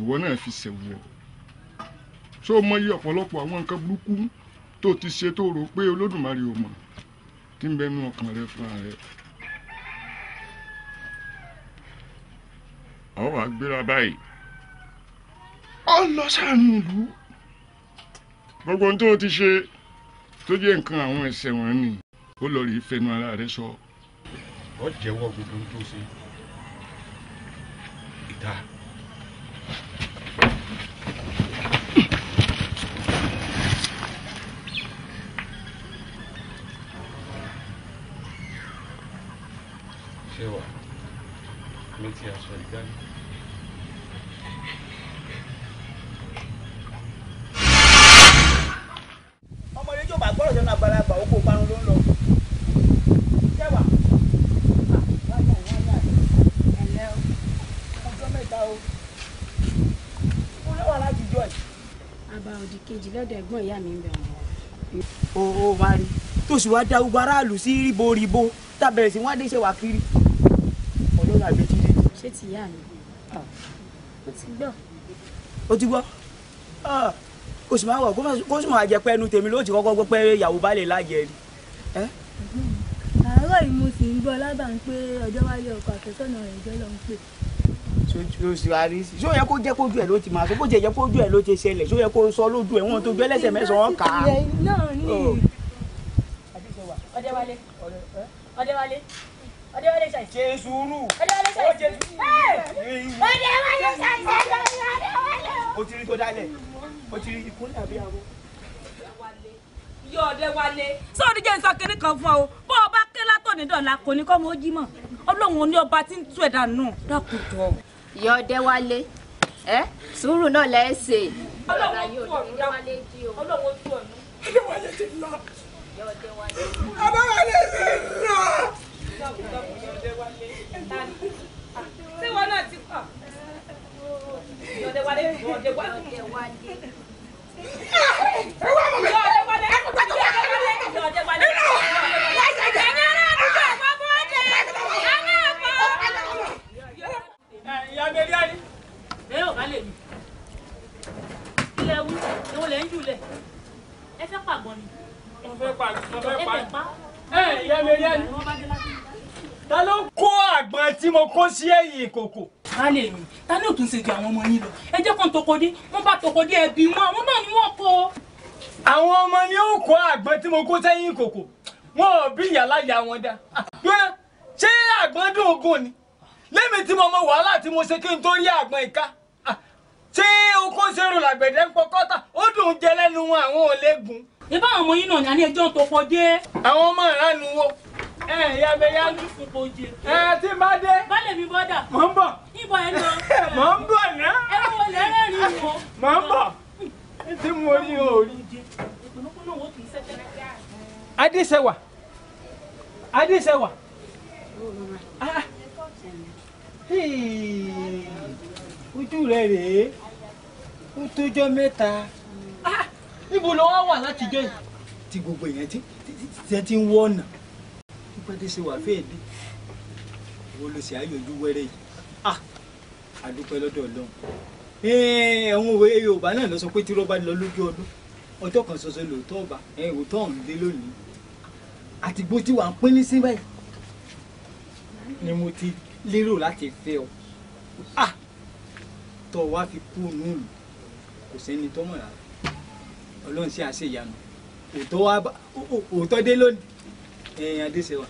ìwọ náà fi ṣẹ̀wọ̀ ṣó o mọyì ọ̀pọ̀lọpọ̀ àwọn nǹkan burúkú tó ti ṣe tó rò pé olódùmarè ò mọ̀ tí ń bẹnu ọkàn rẹ fúnra rẹ. àwọn wàá gbéra báyìí. ọ lọ sáànù ìlú. gbogbo ohun tó ti ṣe tó jẹ́ nǹkan àwọn ẹ̀ṣẹ̀ wọn ni ó lọ rí fẹnu ara rẹ sọ. ọ jẹ́wọ́ gbogbo ohun tó ṣe ìta. dání. ọmọdé tó bá gbọ́dọ̀ sọ́nà àgbàlagbà ó kó parun ló ń lọ. jẹ́wà wáyà wáyà ẹ̀lẹ́ o ọjọ́ mẹ́ta o mo lọ́wọ́ láti jọ ẹ̀. àbá òdì kejì lọ́dọ̀ ẹ̀gbọ́n ìyá mi wa rí tó sì wá da gbogbo aráàlú sí ríbo ríbo tábẹ̀rẹ̀ sí wọ́n á dé ṣe wà kiri ọlọ́run àgbẹ̀tì ṣé ti yá mi ó ti gbọ́. ó ti gbọ́ kò ah, sì máa wọ̀ kó sì máa jẹ pé ẹnu tèmi ló ti kọ́kọ́ gbọ́ pé ìyàwó bá lè lájẹ ni. Mhm. àárọ̀ yìí mo sì ń gbọ́ lábàá ń pé ọjọ́ wáyé ọkọ àfẹ́sọ́nà rẹ̀ jẹ́ lọ́n pè lóṣù àrísí ṣó yẹ kó jẹ́ kójú ẹ̀ ló ti máa sọ bó ti yẹ kójú ẹ̀ ló ti ṣẹlẹ̀ ṣó yẹ kó sọ lójú ẹ̀ wọn tó gbé lẹ́sẹ̀ mẹ́sàn-án kà á. Oh. ọdẹ wálé ọdẹ wálé ọdẹ wọlé ṣàì. ṣe sùúrù ó ṣe sùúrù. ọdẹ wọlé ṣàì ọdẹ wọlé wọlé. o ti rí tó dálẹ̀ o ti rí ìkúnlẹ̀ àbí àwọn. yóò dé wálé. sọ́ọ̀dì jẹ́ nǹkan kéré kan fún ọ bó o bá ké látọ̀ ní dọ̀la kò ní kọ́ mọ́ ó jí mọ̀ ọlọ́run ò ní ọba tí ń tú ẹ̀dá nù dákun jọ. yóò dé wálé ẹ sùúrù náà lẹ́ ṣe. ọlọ́run tú ọ̀nù dákun ọlọ́run tú ọ̀nù. yóò dé wálé. yóò dé wálé. ọlọ́run lè fi ń rà ṣé wọn náà ti kọ ọdẹ wálé ọdẹ wálé. kó sí ẹ̀yìn ìkòkò. a lè rìn ta ni òtún ṣe ju àwọn ọmọ yín lọ ẹ jẹ́ kó ń tokodé wọ́n bá tokodé ẹbí wọn àwọn náà ni wọ́n kó. àwọn ọmọ ni ó kó àgbọn tí mo kó sẹ́yìn ìkòkò wọn ò bí ìyàláyà wọn dá. ṣé àgbọn dùn ògùn ni lẹ́mi tí mo mọ wàhálà tí mo ṣe kí n tó rí àgbọn ìka ṣé okó ṣerun làgbẹ̀dẹ̀ ń pọkọ́tà ó dùn jẹ lẹ́nu wọn àwọn ò lè gùn. ìbá àwọn ọmọ yín náà ní ẹ ya bẹ ya ní sunpọ̀ oje. ẹ tí n bá dé. bálẹ̀ mi bọ́dà. mò ń bọ̀. ibọ̀ ẹ lọ. mò ń bọ̀ ná. ẹ wo lẹ́rẹ̀ rí wo. mò ń bọ̀ tí mo rí o rí. adéṣẹwà adéṣẹwà. Ah. ojú rẹ rèé ó tójọ́ mẹ́ta ah. níbo ló wá wà látijọ́ yìí tí gbogbo èèyàn ti ń wọ́nà pẹ́ẹ́dé ṣe wà fẹ́ẹ̀dé wo ló ṣe àyọjú wẹ́rẹ́ yìí ah! a dúpẹ́ lọ́dọ̀ ọlọ́run àwọn òwe yorùbá náà lọ sọ pé tírọ́ bá lọ lójú ọdún ọjọ́ kan ṣoṣo lòótọ́ ọba òótọ́ ọ̀hún dé lónìí àtìgbò tí wàá pín ní síbẹ̀ ni mo ti lérò láti fẹ́ ọ ah! tọ́ wa fi kú òun lù kò sẹ́ni tọ́mọ̀ rárá ọlọ́run sì àṣeyànú òótọ́ dé lónìí èèyàn díṣe wà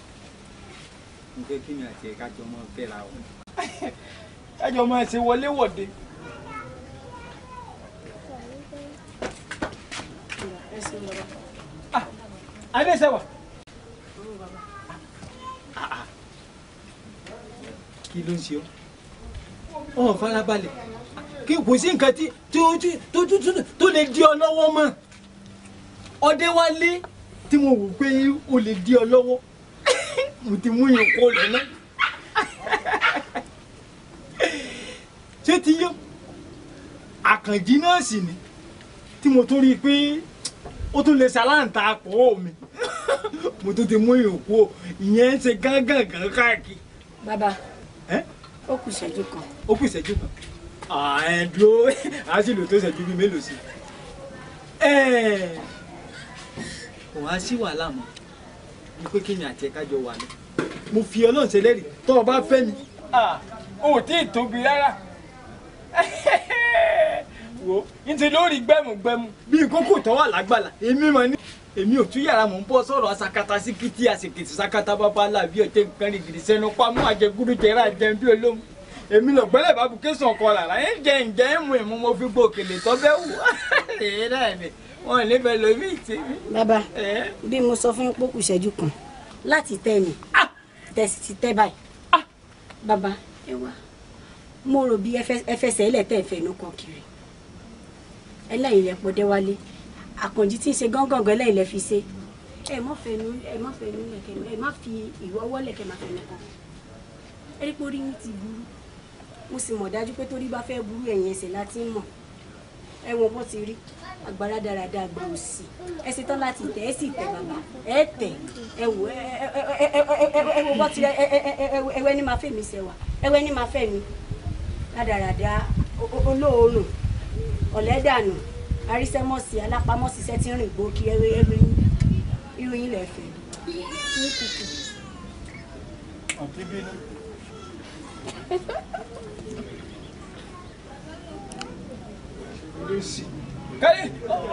mo fẹ́ kí ni àti ẹ̀ka jọ máa fẹ́ ra wọn. kájọ máa ṣe wọléwọ̀de. adéṣẹ́wà. Ah, ah, ah. kí ló ń ṣe ọ́ ọ̀ farabalẹ̀ kí kò sí nǹkan tí tó tó tó tó lè di ọ lọ́wọ́ mọ́ ọdẹ wa lé tí mo wò pé o lè di ọ lọ́wọ́ mo ti mú yín kó lọ náà ṣé ti yọ àkànjí náà sì ni tí mo tó rí i pé ó tún lè ṣaláǹtakọ̀ mi mo tó ti mú yín kó ìyẹn ń ṣe gángan káàkiri. bàbá ó kù ìṣẹ́jú kan. ó kù ìṣẹ́jú kan àádúró àá sì lò tó ìṣẹ́jú bíi mélòó sí i kò wá sí wàhálà mọ́ ní pé kíni àti ẹ̀ka jọ wà lọ mo fi ọlọ́run ṣe lẹ́rìí tó o bá fẹ́ mi. ò tí ì tóbi rárá wo ntì lórí gbẹmugbẹmu. bí ìkókò tó wà lágbàlá èmi mọ ní. èmi ò tún yàrá mò ń bọ́ sọ̀rọ̀ asakata síkìtì àsìkìtì sakata babalá bí ọ̀tẹ̀ nǹkan rìgìrì sẹ́nu pamọ́ àjẹgúrú jẹrẹ àjẹun bí olóhùn èmi lọ gbẹ́lẹ̀ bá bùkẹ́sàn kọ́ làrá ẹ̀ ń jẹ ǹjẹ́ ń mú ìmú mo fi gbòkèlè tọ́ bẹ́ẹ̀ wò ó wọn ò níbẹ̀ lómi ìtì mi. bàbá bí mo sọ fún pé kù ìṣẹ́jú kan láti tẹ́ ni ah! tẹ̀sí ti tẹ́ báyìí. Ah! bàbá ẹ wá mo rò bí ẹ fẹsẹ̀ ilẹ̀ tẹ̀ fẹ̀ inú kan kiri ẹlẹ́yìn lẹ pọ̀ déwálé àkànjí tí ń ṣe gángangan ẹlẹ́yìn lẹ fi ṣe ẹ má fẹnu ẹ má fẹnu lẹ̀kẹ̀ ẹ má fi ìwọ ọwọ́ lẹ̀kẹ̀ má fẹnu kan ẹ rí pé orí mi ti burú mo sì mọ̀ dájú pé torí bá fẹ́ burú ẹ̀yìn ẹsẹ̀ láti mọ̀ ẹ̀wọ̀n bó ti rí agbára dáradára gbà ó sí ẹ ṣe tán láti tẹ ẹ sì tẹ bàbá ẹ tẹ ẹ wò ẹ wò bó ti rẹ ẹwẹ ní máa fẹ́ mi ṣẹwà ẹwẹ ní máa fẹ́ mi rádaràdà olóòórùn ọ̀lẹ́dànù arísẹ́mọ́sì alápámọ́síṣẹ́ tí ń rìn gbòókì ẹwẹ ẹwẹ irú yín lẹ́fẹ̀ẹ́. ọ̀tí bínú. kárí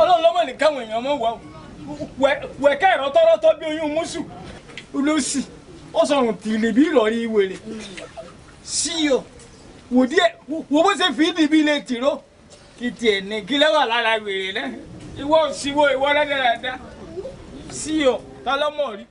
ọlọ́run lọ́mọ ní káwọn èèyàn mọ̀ wá wẹ̀kẹ́ ẹ̀rọ tọ́rọ́tọ́ bí oyún mùsù olóòsì ó sọ̀rùn tìlè bí ìlọrí wèrè sí e o wò díẹ̀ wò bó ṣe fi ìdìbí ilé tìró kì tiẹ̀ ní kí lẹ́wà lára wèrè náà ìwọ òsìwò ìwọ rẹ́dẹ̀rẹ́dẹ́ sí e o ta lọ́mọ rí.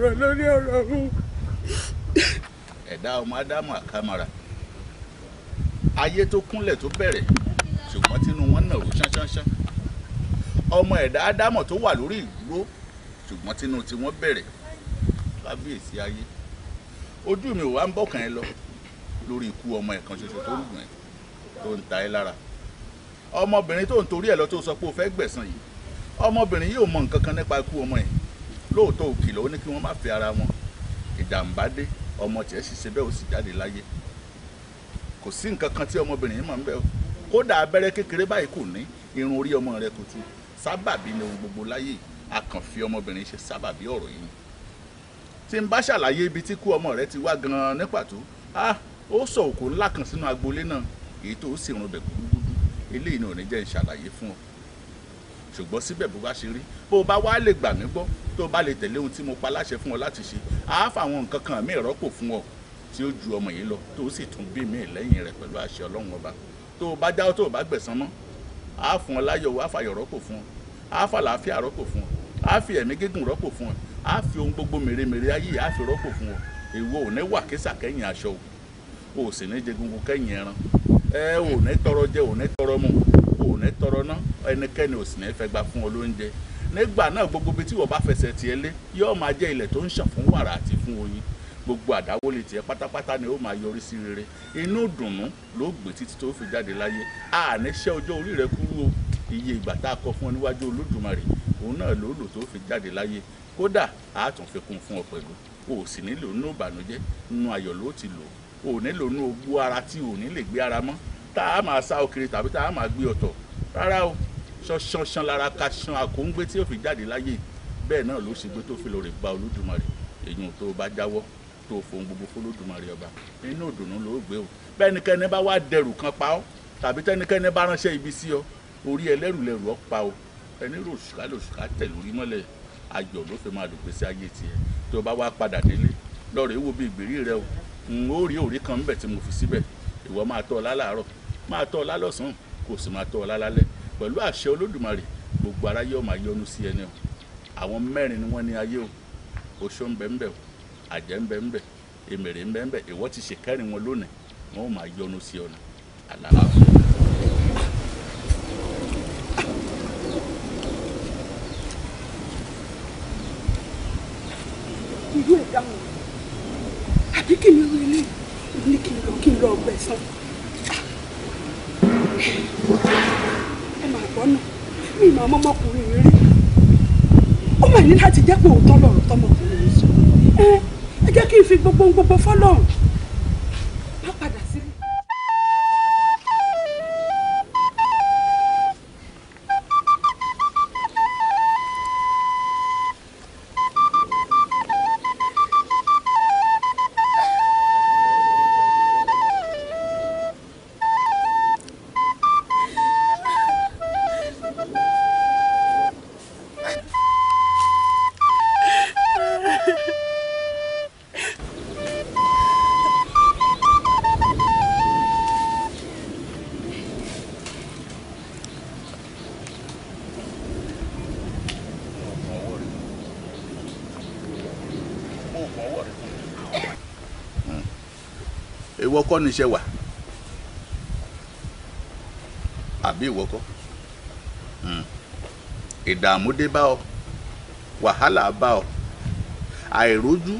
ọ̀rọ̀ lórí ọ̀rọ̀ ọ̀hún. ẹ̀dá ọmọ ádámù àkàmàrà ayé tó kúnlẹ̀ tó bẹ̀rẹ̀ ṣùgbọ́n tínú wọn náà rú ṣánṣánṣán ọmọ ẹ̀dá ádámù tó wà lórí ìdúró ṣùgbọ́n tínú tiwọn bẹ̀rẹ̀ lábíyèsí ayé ojú mi ò wá ń bọ̀kàn ẹ lọ lórí ikú ọmọ ẹ̀kan ṣoṣo tó rùgbọ̀n ẹ̀ tó ń ta ẹ lára ọmọbìnrin tó ń torí ẹ̀ lọ tó sọ pé o fẹ́ gbẹ̀san yìí ọmọbìnrin yìí ò mọ nǹkan kan nípa ikú ọmọ ẹ̀ lóòótọ́ òkìlọ̀ ó ní kí wọ́n má fẹ́ ara wọn ìjàmbá dé ọmọ tiẹ̀ sì ṣe bẹ́ẹ̀ ó sì jáde láyé kò sí nǹkan kan tí ọmọbìnrin yìí mọ̀ ń bẹ̀ o kódà abẹ́rẹ́ kékeré báyìí kò ní irun orí ọmọ rẹ̀ kò tu sábàbí ni ohun gbogbo láyé akànfi ọmọbìnrin ṣe sábàbí ọ̀rọ̀ yìí tí n bá ṣàlàyé ibi tí kú ọmọ rẹ̀ ti wá gan-an ní pàtó ah ó sọ òkú ńlá kan sínú agboolé náà èyí tó sì rún bẹ̀ gbúdúgbúdú eléyìí ni ò ní jẹ́ n ṣàlàyé fún ọ ṣùgbọ́n síbẹ̀ bó bá ṣe rí bó bá wá lè gbà mí gbọ́ tó bá lè tẹ̀lé ohun tí mo pa láṣẹ fún ọ láti ṣe àá fàwọn nǹkan kan mi rọ́pò fún ọ tí ó ju ọmọ yìí lọ tó sì tún bí mi lẹ́yìn rẹ̀ pẹ̀lú àṣẹ ọlọ́run ọba tó o bá dáwọ́ tó o bá gbẹ̀san mọ́ àá fún ọ láyọ̀ wá fàyọ̀ rọ́pò fún ọ àá fàlàáfíà rọ́pò fún ọ àá fi ẹ̀mí gígùn rọ́pò fún ọ àá fi ohun gbogbo mèremère ayé àá fi rọ́pò fún ọ èwo ò ní wà kísà kẹ́yìn aṣọ o ò sì ní jẹ gungun kẹ́yìn ẹran ẹ ò ní tọrọ jẹ ò ní tọrọ mu ò ní tọrọ ná ẹnikẹ́ni ò sì ní fẹ́ gba fún ọ lóúnjẹ nígbà náà gbogbo ibi tí wọ́n bá fẹsẹ̀ tiẹ̀ lé yóò máa jẹ́ ilẹ̀ tó ń ṣàn fún wàrà àti fún oyin gbogbo àdáwọlé tiẹ̀ pátápátá ni ó máa yọrí sí rere inú dùnnú ló gbé títí tó fi jáde láyé àníṣẹ́ ọjọ́ orí rẹ kúrú o iye ìgbà tá a kọ fún ọ níwájú olódùmarè òun náà ló lò tó fi jáde láyé kódà a tún fi kún fún ọ pẹ̀lú o ò sì nílò nínú ìbànújẹ́ nínú ayọ̀ ló ti lò o nílò nínú ogbó ara tí o ní lè gbé ara mọ́ tá a máa sá ọ tàbí tá a máa gbé ọ̀tọ̀ rárá o ṣanṣanṣan lára ka ṣan àkóńgbé tí yóò fi jáde láyé bẹ́ẹ̀ náà ló ṣe gbé tó fi lọ rè gba olódùmarè èyí tó bá jáwọ́ tó fohùn gbogbo fọlódùmarè ọba inú ìdùnnú ló gbé o bẹ́ẹ̀nikẹ́ni bá wá dẹrù kan pa ọ́ tàbí tẹ́nikẹ́ni bá ránṣẹ́ ibi sí ọ orí ẹlẹ́rù lẹ́rù ọ́ pa o ẹni ròṣùká lòṣùká tẹ̀ lórí mọ́lẹ̀ ayọ̀ ló fi máa lò pèsè ayé tiẹ̀ tó bá wá padà délé lọ́ọ̀rẹ́ wo bí ìgbèrí rẹ o n ó rí òrí kan ńbẹ̀ tí mo fi síbẹ̀ ìwọ máa tọ́ ọ lálàárọ̀ máa tọ́ ọ lálọ́sàn kò sì máa tọ́ ọ lálálẹ́ pẹ̀lú àṣẹ olódùmarè gbogbo aráyé ó máa yọ́nú sí ẹni o àwọn mẹ́rin ni wọ́n ní ayé o oṣó ń bẹ ń bẹ o àjẹ́ ń bẹ ń bẹ èmèrè ń bẹ ń bẹ ìwọ ti ṣe kẹrin wọn lónìí wọn ò máa yọ́nú sí ọ̀nà àlàáfíà. ìlú ẹ̀dá wọn àbí kí ni wọ́n ilé ní kí n lọ kí n lọ ọgbẹ́ sàn. lọ́nà mi ìmọ̀ ọmọkùnrin rẹ̀ rí ó mà ní láti jẹ́ pé òótọ́ lọ̀rọ̀ tọmọkùnrin rẹ̀ sọ ẹ jẹ́ kí n fi gbogbo gbogbo fọlọ́run kọ́ níṣẹ́ wà àbí ìwọ kọ́ hmm. ìdààmú dé bá ọ wàhálà bá ọ àìrójú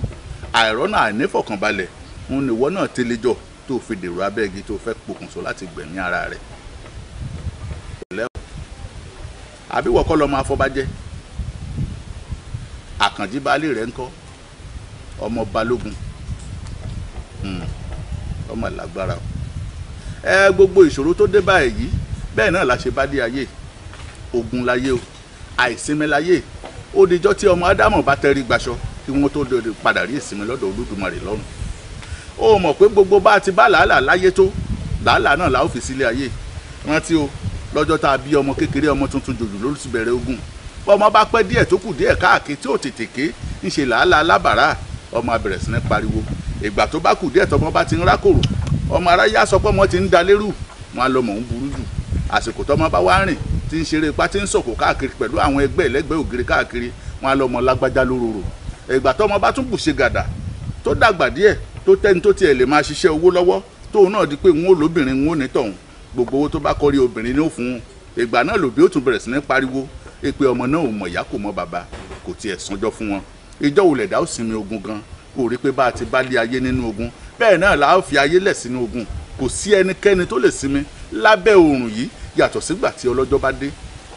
àìrọ́nà àìnífọ̀kànbalẹ̀ ń ní ìwọ náà ti lè jọ tó fi dèrò abẹ́gi tó fẹ́ pokùnso láti gbẹ̀mí ara rẹ̀ àbí ìwọ kọ́ lọ́mọ afọbajẹ́ àkànjí baálé rẹ̀ ńkọ́ ọmọ balógun. Hmm ọmọ lágbára o ẹ gbogbo ìṣòro tó dé báyìí yìí bẹ́ẹ̀ náà la ṣe bá dé ayé ogun láyé o àìsinmi láyé ó dijọ́ tí ọmọ ádámọ̀ bá tẹrí gbaṣọ kí wọ́n tó padà rí ìsinmi lọ́dọ̀ olódùmarè lọ́run ó mọ̀ pé gbogbo bá a ti bá làálàá láyé tó làálàá náà la ó fi sílé ayé rántí o lọ́jọ́ tá a bí ọmọ kékeré ọmọ tuntun jòjò ló ti bẹ̀rẹ̀ ogun bọ́mọ bá pẹ́ díẹ̀ tó kù díẹ̀ káàkiri tí ò tètè ké ńṣe làálàá lábàárà ọmọ abẹ̀rẹ̀ sí ní pariwo ìgbà tó bá kù díẹ̀ tọmọ bá ti ń rákòrò ọmọ aráyé á sọ pé ọmọ ti ń da lérú wọn á lọ mọ̀ ń burú jù àsìkò tọmọ bá wá rìn tí ń ṣeré ipá tí ń sọ̀kò káàkiri pẹ̀lú àwọn ẹgbẹ́ ìlẹ́gbẹ̀ẹ́ ògiri káàkiri wọn á lọ mọ̀ lágbájá lóróró ìgbà tọmọ bá tún bùṣe gàdà tó dàgbà díẹ̀ tó tẹ́ni tó tiẹ̀ lè máa ṣiṣẹ́ owó lọ́wọ́ tóun náà di pé n ó lóbìnrin n ó ní gbogbo owó tó bá kọrí obìnrin ní òfun ìgbà náà lòbí ó tún bẹ̀rẹ̀ sí ní pariwo èpè ọmọ náà ò mọ̀ ìyá kò mọ̀ bàbá kò tiẹ̀ sanjọ́ fún wọn ìjọ wùlẹ̀dá ó sinmi ogun gan-an kò rí pé bá a ti bá lé ayé nínú ogun bẹ́ẹ̀ náà là á fi ayé lẹ̀ sínú ogun kò sí ẹnikẹ́ni tó lè sinmi lábẹ́ oòrùn yìí yàtọ̀ sígbà tí ọlọ́jọ́ bá dé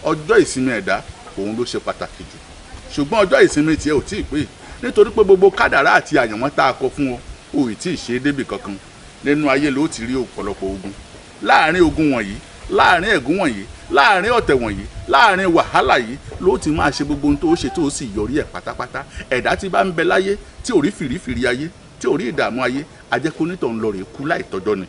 ọjọ́ ìsinmi ẹ̀dá òun ló ṣe pàtàkì jù ṣùgbọ́n ọjọ́ ìsinmi tiẹ̀ ò tí ì pé nítorí pé gbogbo kádàrá àti àyànmọ́ tá a kọ fún ọ ò ì tí ì ṣe é débì kankan nínú ayé ló ti rí ọ̀pọ̀lọpọ̀ ogun láàárín ogun wọ̀nyí láàárín ẹ̀gún wọ̀nyí láàrin ọ̀tẹ̀ wọ̀nyí láàrin wàhálà yìí ló ti máa ṣe gbogbo ohun tó ṣe tó sì yọrí ẹ̀ pátápátá ẹ̀dá tí bá ń bẹ láyé tí ò rí fìrífìrí ayé tí ò rí ìdààmú ayé ajẹ́kónítọ̀ ń lọ rè kú láìtọ́jọ́ ni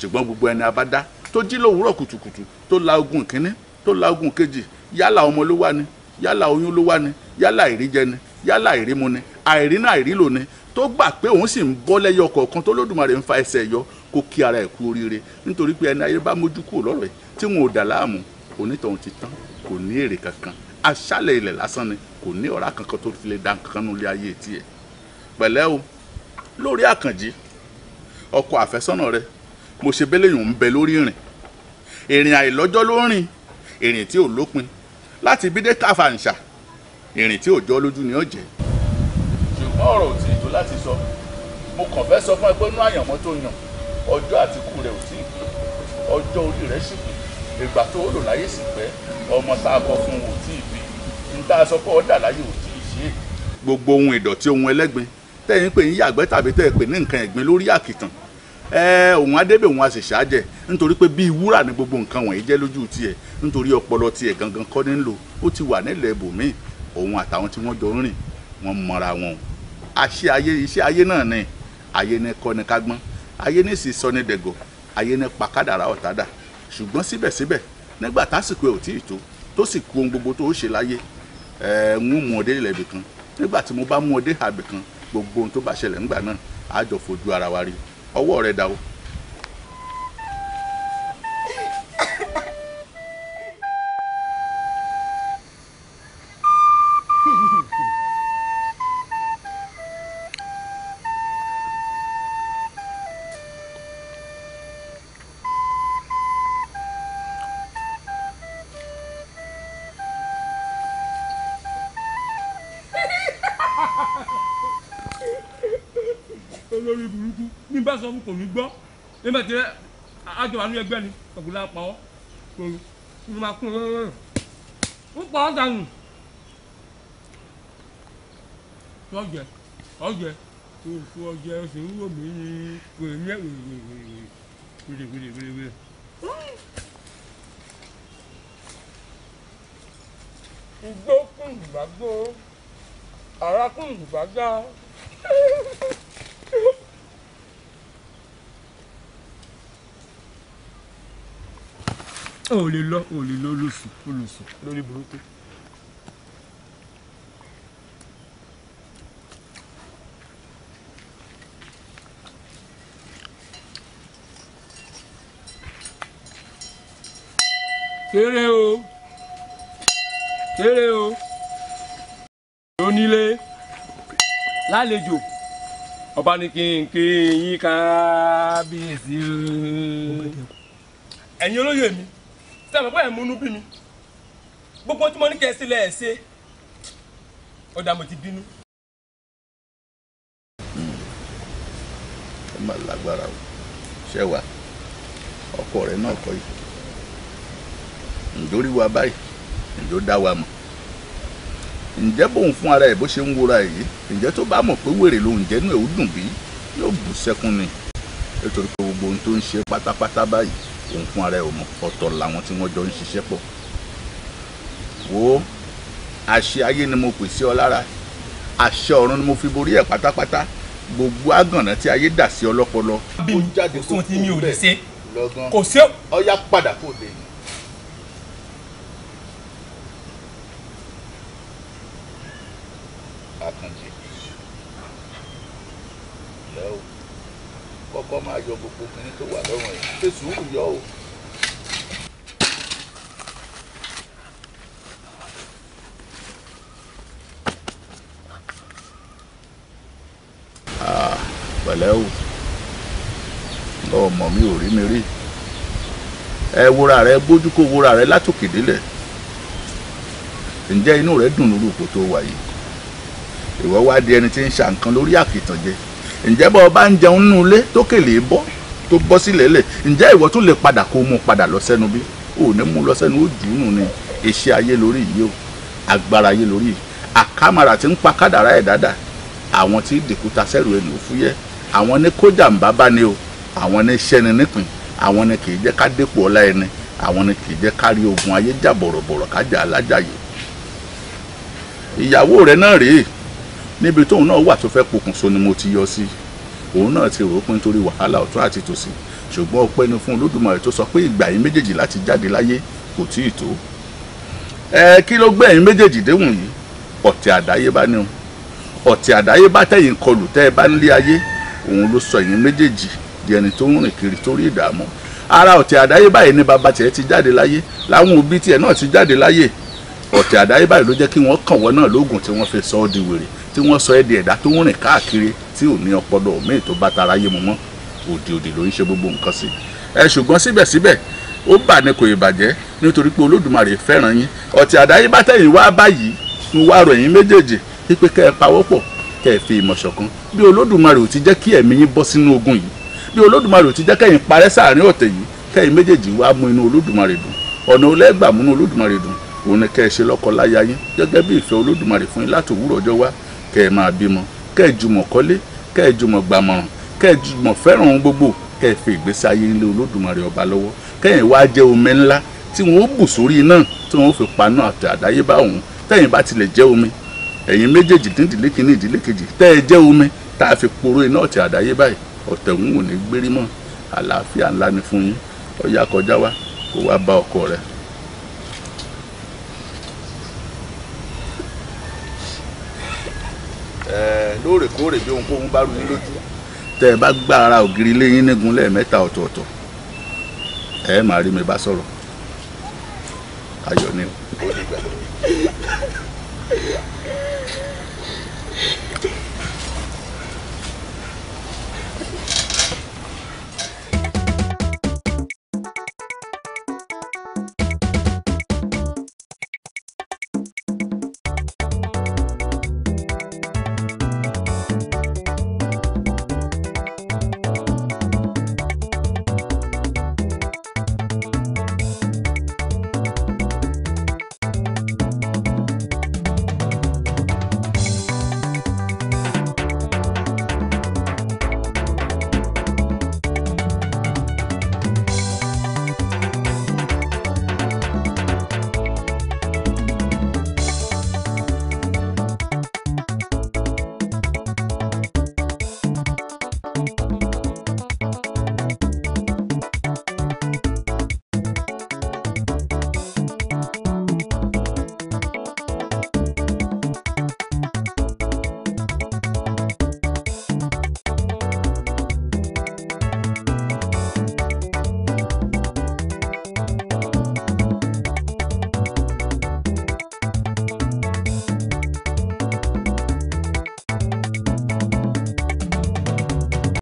ṣùgbọ́n gbogbo ẹni abádá tó jí lówùúrọ̀ kùtùkùtù tó la ogun kínní tó la ogun kejì yálà ọmọ ló wà ní yálà oyún ló wà ní yálà ìríjẹ ni yálà ìrímu ni àìrínà àìrílò ni tó gbà pé òun sì ń bọ́ lẹ́yọ kọ̀ọ̀kan tó lódùmarè ń fa ẹsẹ̀ yọ kó kí ara ẹ̀ kú oríire nítorí pé ẹni ayé bá mójú kúrò lọ́rọ̀ tí wọn ò dà láàmú onítọ̀hún ti tán kò ní èrè kankan aṣálẹ̀ ilẹ̀ lásán ni kò ní ọ̀rá kankan tó fi lè da kankan nu ilé ayé tiẹ̀ pẹ̀lẹ́ o lórí àkànjí ọkọ àfẹ́sọ́nà rẹ mo ṣe bẹ́lẹ́yìn ń bẹ lórí ìrìn ìrìn àìlọ́jọ́ ló ń rìn ìrìn tí ò lópin láti bídé káfàǹṣà ìrìn tí ò jọ lójú ni ó jẹ́. ṣùgbọ́n ọ̀rọ̀ ò tí ì tó láti sọ mo kàn fẹ́ sọ fún ẹ pé inú àyànmọ́ tó yàn ọjọ́ àtikú rẹ̀ ò tí ì pé ọjọ́ orí rẹ̀ sì pé ìgbà tó o lò láyé sì pẹ́ ọmọ tá a kọ fún wò tí ì bí n tá a sọ pé ọ̀dà láyé ò tí ì ṣe. gbogbo ohun ìdọ̀tí ohun ẹlẹ́gbin tẹ́yìn pé yín yàgbẹ́ tàbí tẹ́ ẹ pè ní nǹkan ẹ̀gbin lórí àkìtàn ẹ òun adébẹ̀ òun àṣẹṣẹ àjẹ nítorí pé bíi wúrà ni gbogbo nǹkan wọ̀nyí jẹ́ lójú tiẹ̀ nítorí ọpọlọ tiẹ̀ gangan kọ́ ní ń lò ó ti wà nílẹ̀ ibòmíì òun àtàwọn tí wọ́n jọ ń rìn wọ́n mọra wọn o àṣẹ ayé iṣẹ́ ayé náà ni ayé ní kọ́ni kágbọ́n ayé ní sì sọ ní dẹ̀gọ̀ ayé ní pakádàrá ọ̀tádà ṣùgbọ́n síbẹ̀síbẹ̀ nígbà tásìkò ẹ̀ ò tí ì tó tó sì kú ohun gbogbo tó ó ṣe láyé ẹ̀ ń mú ọdẹ ilẹ̀ ibì kan nígbà tí mo bá mú ọdẹ àbì kan gbogbo ohun tó bá ṣẹlẹ̀ ńgbà náà àjọ fojú ara wa rí ọwọ́ rẹ̀ dá nígbà tí àjọ àánú ẹgbẹ́ ni ọ̀gùnlá pa ọ́ kòrò kòrò máa kún un ń pa ọ́ dànù ọ̀jẹ̀ ọ̀jẹ̀ oṣù ọ̀jẹ̀ oṣù wúwo mi ni kò ní wèrèwèrèwèrèwèrè. igbó kùn ìgbàgbó ara kùn ìgbàgbá. o lè lọ o lè lọ lóṣù olùsù lórí burúkú. kéré o kéré o onílé lálejò ọba ní kí n kí yín kábíyèsí ẹ̀yin olóyè mi sẹ́mi pé ẹ̀ múnú bí mi gbogbo tí mo ní kẹ́ ẹ sílẹ̀ ẹ̀ ṣe ọ̀dà mo ti bínú. ẹ máa lágbára o ṣe wà ọkọ rẹ náà kọ yìí ǹdórí wa báyìí ǹdó dá wa mọ̀ ǹjẹ́ bóun fún ara ẹ̀ bó ṣe ń wora yìí ǹjẹ́ tó bá mọ̀ pé wèrè lòun jẹ́ inú ẹ̀ ó dùn bí yóò bù sẹ́kún ni nítorí pé gbogbo ohun tó ń ṣe pátápátá báyìí òun fún ara ẹ̀ ò mọ̀ ọ̀tọ̀ làwọn tí wọ́n jọ ń ṣiṣẹ́ pọ̀ wo àṣẹ ayé ni mo pèsè ọ lára àṣẹ ọ̀run ni mo fi borí ẹ̀ pátápátá gbogbo àgànná tí ayé dà sí ọlọ́pọlọ. bí mo jáde kó tí mi ò kò sí. ọyá padà kò dé. akànjì ìyá máa yọ gbogbo kìnìún fi sùúrù yọ rẹ bójú kó wúra rẹ látòkè délẹ̀ ǹjẹ́ inú rẹ dùn lórí ipò tó wà yìí ìwọ wá di ẹni tí ń ṣàǹkan lórí àkìtàn jẹ ǹjẹ́ bọ́ ọ bá ń jẹun nínú ilé tó kèlè bọ́ tó bọ́ sílẹ̀ lẹ̀ ǹjẹ́ ìwọ tún lè padà kó mú padà lọ sẹ́nu bí ò ní mú lọ sẹ́nu ó dùn ún ni iṣẹ́ ayé lórí yìí o agbára ayé lórí yìí àkàmàrà tí ń pa kádàrá ẹ̀ dáadáa àwọn tí dìkúta sẹ́rù ẹni ò fúyẹ́ àwọn ní kójàmbá bá ni o àwọn ní sẹ́ni nípìn àwọn ní kì í jẹ́ ká dépò ọlá ẹni àwọn ní kì í jẹ́ ká rí ogun ayé já bọ̀rọ̀bọ̀rọ̀ kájà alájàyè ìyàwó rẹ̀ náà rèé níbi tóun náà wà tó fẹ́ pokùnso ni mo ti yọ sí i òun náà ti rò ó pé nítorí wàhálà ọ̀tún àti tòsí ṣùgbọ́n ọpẹ́ ni fún olódùmarè tó sọ pé ìgbà yín méjèèjì láti jáde láyé kò tí ì tó ẹ kí ló gbẹ̀yìn méjèèjì déhùn yìí ọ̀tẹ̀ àdáyébá ni o ọ̀tẹ̀ àdáyébá tẹ̀yìn kọlù tẹ́ ẹ bá nílé ayé òun ló sọ ẹ̀yin méjèèjì di ẹni tó ń rìn kiri torí ìdààmú ara ọ̀tẹ̀ àdáyébá yìí ni bàbá tiẹ̀ ti jáde láyé láwọn òbí tiẹ̀ náà ti jáde láyé ọ̀tẹ̀ àdáyébá yìí ló jẹ́ kí wọ́n kàn wọ́n náà lóògùn tí wọ́n fi sọ ọ́ di wèrè tí wọ́n sọ ẹ́ di ẹ̀dá tó ń rìn káàkiri tí ò ní ọpọlọ míì tó bá tara yé mu mọ́ òdì òdì ló ń ṣe gbogbo nǹkan sí ẹ ṣùgbọ́n síbẹ̀síbẹ̀ ó bà ní kò ìbàjẹ́ nítorí pé olódùmarè fẹ́ràn yín ọ̀tí àdáyébá tẹ̀yìn wá báyìí mo wá rọ̀ yín méjèèjì wípé kẹ́ ẹ pawọ́pọ̀ kẹ́ ẹ fi ìmọ̀ ṣọ̀kan bí olódùmarè ò ti jẹ́ kí ẹ̀mí yín bọ́ sínú ogun yìí bí olódùmarè ò ti jẹ́ kẹ́yìn parẹ́ sáàrin ọ̀tẹ̀ yìí kẹ́yìn méjèèjì wá mú inú olódùmarè dùn ọ̀nà olẹ́gbàmúnú olódùmarè dùn òun ni kẹ́ ẹ ṣe lọ́kọ láya yín gẹ́gẹ́ bí ìfẹ́ olódùmarè fún yín láti òwúrọ̀ ọjọ́ wá kẹ́ ẹ máa bímọ kẹ́ ẹ jùmọ̀ kọ́lé kẹ́ ẹ jùmọ̀ gbàmọ̀ràn kẹ́ ẹ jùmọ̀ fẹ́ràn ohun gbogbo kẹ́ ẹ fi ìgbésí ayé ilé olódùmarè ọba lọ́wọ́ kẹ́ ẹ wá jẹ́ omi ńlá tí wọ́n ó bù sórí náà tí wọ́n ó fi paná àti àdáyébá òun tẹ́yìn bá tilẹ̀ jẹ́ omi ẹ̀yin méjèèjì dídìlé kìíní ìdílé kejì tẹ́ ẹ jẹ́ omi tá a fi poró iná ọ̀tẹ̀ àdáyébá yìí ọ̀tẹ̀ òun ò ní gbérí mọ́ àlàáfíà ńlá ni fún yín ó yá kọjá wá kó wá bá ọkọ rẹ̀ lóòrèkóòrè bí ohunkóhun bá rú yín lójú tẹ ẹ bá gbá ara ògiri léyìn nígun lẹ́ẹ̀mẹ́ta ọ̀tọ̀ọ̀tọ̀ ẹ máa rí mi bá sọ̀rọ̀ ayọ̀ ni o.